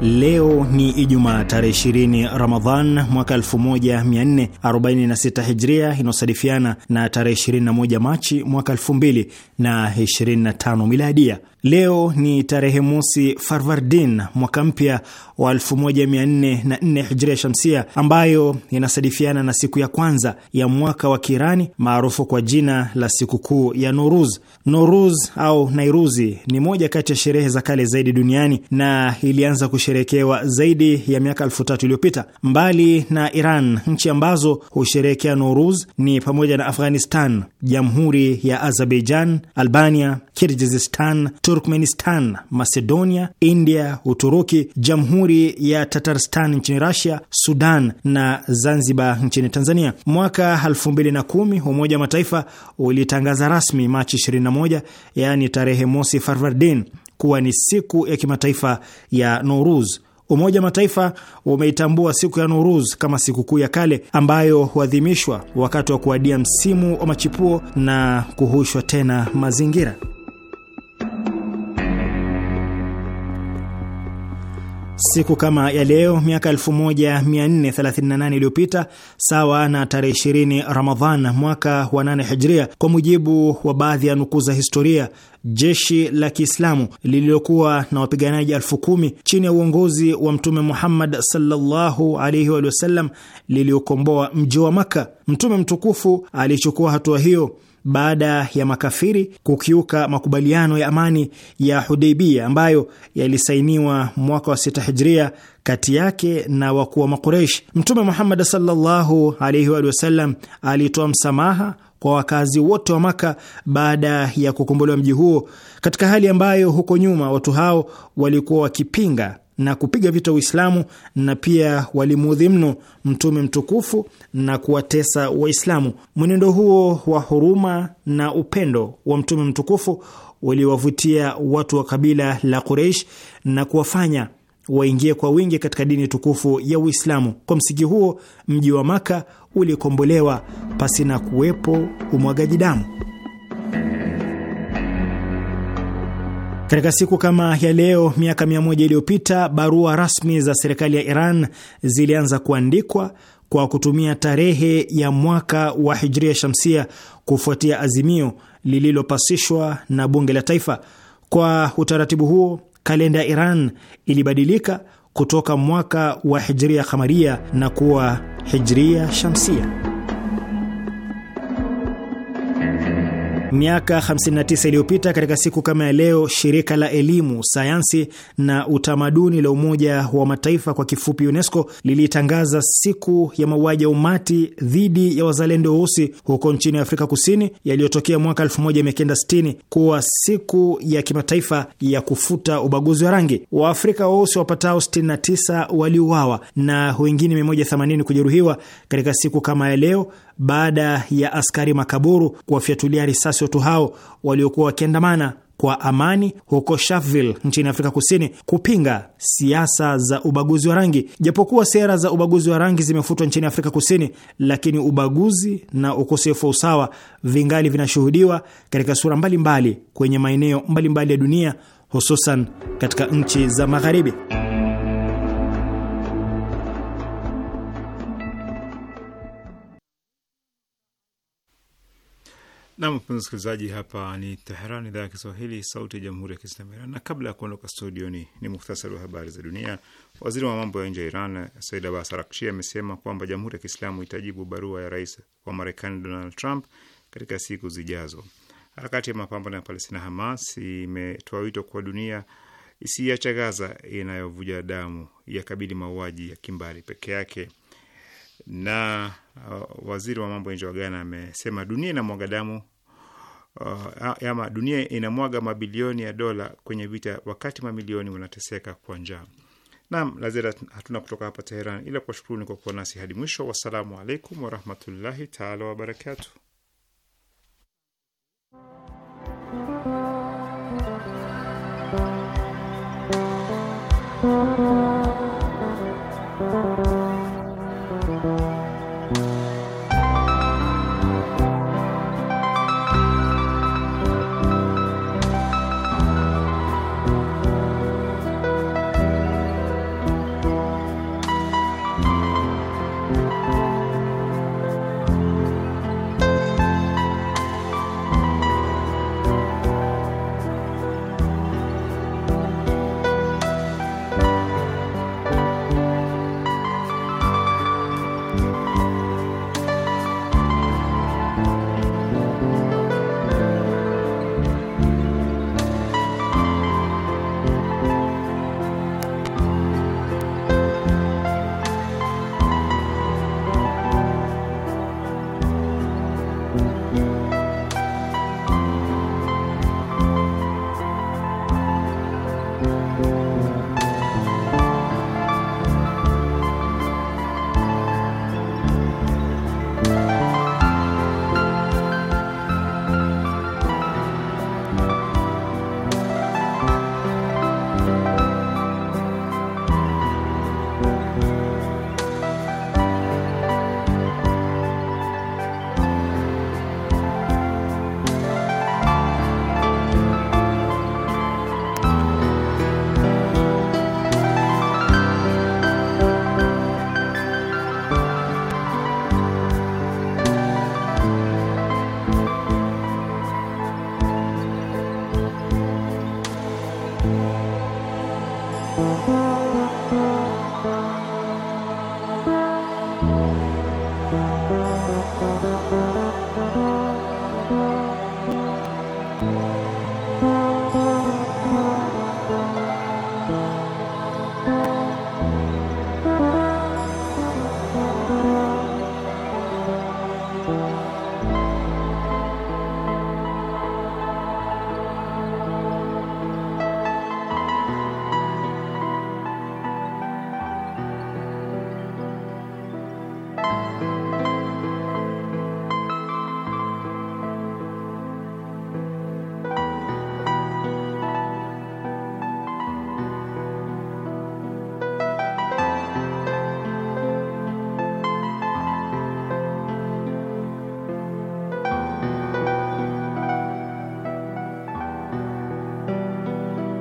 Leo ni Ijumaa tarehe 20 Ramadhan mwaka 1446 Hijria, inayosadifiana na tarehe 21 Machi mwaka 2025 Miladia. Leo ni tarehe mosi Farvardin mwaka mpya wa 1404 Hijria Shamsia, ambayo inasadifiana na siku ya kwanza ya mwaka wa kiirani maarufu kwa jina la sikukuu ya Noruz. Noruz au Nairuzi ni moja kati ya sherehe za kale zaidi duniani na ilianza kusherekewa zaidi ya miaka elfu tatu iliyopita. Mbali na Iran, nchi ambazo husherehekea Noruz ni pamoja na Afghanistan, Jamhuri ya Azerbaijan, Albania, Kirgizistan, Turkmenistan, Macedonia, India, Uturuki, Jamhuri ya Tatarstan nchini rasia Sudan na Zanzibar nchini Tanzania. Mwaka 2010 Umoja wa Mataifa ulitangaza rasmi Machi 21, yaani tarehe mosi Farvardin kuwa ni siku ya kimataifa ya Nouruz. Umoja wa Mataifa umeitambua siku ya Nouruz kama sikukuu ya kale ambayo huadhimishwa wakati wa kuadia msimu wa machipuo na kuhuishwa tena mazingira. Siku kama ya leo miaka 1438 iliyopita, sawa na tarehe 20 Ramadhan mwaka wa 8 Hijria, kwa mujibu wa baadhi ya nukuu za historia, jeshi la Kiislamu lililokuwa na wapiganaji elfu kumi chini ya uongozi wa Mtume Muhammad sallallahu alaihi wasallam liliokomboa mji wa Makka. Mtume mtukufu alichukua hatua hiyo baada ya makafiri kukiuka makubaliano ya amani ya hudeibia ambayo yalisainiwa mwaka wa sita hijria kati yake na wakuu wa Makureish. Mtume Muhammad sallallahu alaihi wa sallam alitoa msamaha kwa wakazi wote wa Maka baada ya kukombolewa mji huo, katika hali ambayo huko nyuma watu hao walikuwa wakipinga na kupiga vita Uislamu na pia walimuudhi mno mtume mtukufu na kuwatesa Waislamu. Mwenendo huo wa huruma na upendo wa mtume mtukufu uliwavutia watu wa kabila la Quraish na kuwafanya waingie kwa wingi katika dini tukufu ya Uislamu. Kwa msingi huo, mji wa Maka ulikombolewa pasi na kuwepo umwagaji damu. Katika siku kama ya leo miaka mia moja iliyopita barua rasmi za serikali ya Iran zilianza kuandikwa kwa kutumia tarehe ya mwaka wa Hijria Shamsia kufuatia azimio lililopasishwa na bunge la taifa. Kwa utaratibu huo, kalenda ya Iran ilibadilika kutoka mwaka wa Hijria Khamaria na kuwa Hijria Shamsia. Miaka 59 iliyopita katika siku kama ya leo, shirika la elimu, sayansi na utamaduni la Umoja wa Mataifa kwa kifupi UNESCO lilitangaza siku ya mauaji ya umati dhidi ya wazalendo weusi huko nchini Afrika Kusini yaliyotokea mwaka 1960 kuwa siku ya kimataifa ya kufuta ubaguzi wa rangi. Waafrika weusi wapatao 69 waliuawa na wengine 180 kujeruhiwa katika siku kama ya leo baada ya askari makaburu kuwafyatulia risasi watu hao waliokuwa wakiandamana kwa amani huko Sharpeville nchini Afrika Kusini kupinga siasa za ubaguzi wa rangi. Japokuwa sera za ubaguzi wa rangi zimefutwa nchini Afrika Kusini, lakini ubaguzi na ukosefu wa usawa vingali vinashuhudiwa katika sura mbalimbali mbali kwenye maeneo mbalimbali ya dunia, hususan katika nchi za magharibi. Nam mpenzi msikilizaji, hapa ni Teheran, idhaa ya Kiswahili, sauti ya jamhuri ya kiislamu Iran. Na kabla ya kuondoka studioni ni, ni muhtasari wa habari za dunia. Waziri wa mambo ya nje ya Iran Said Abbas Araghchi amesema kwamba jamhuri ya kiislamu itajibu barua ya rais wa Marekani Donald Trump katika siku zijazo. Harakati ya mapambano ya Palestina Hamas imetoa wito kwa dunia isiache Gaza inayovuja damu yakabili mauaji ya kimbari peke yake na uh, waziri wa mambo ya nje wa Ghana amesema dunia inamwaga damu uh, ama dunia inamwaga mabilioni ya dola kwenye vita, wakati mamilioni wanateseka kwa njaa. Naam, la ziada hatuna kutoka hapa Teheran, ila kuwashukuruni kwa kuwa nasi hadi mwisho. Wassalamu alaikum warahmatullahi taala wabarakatuh.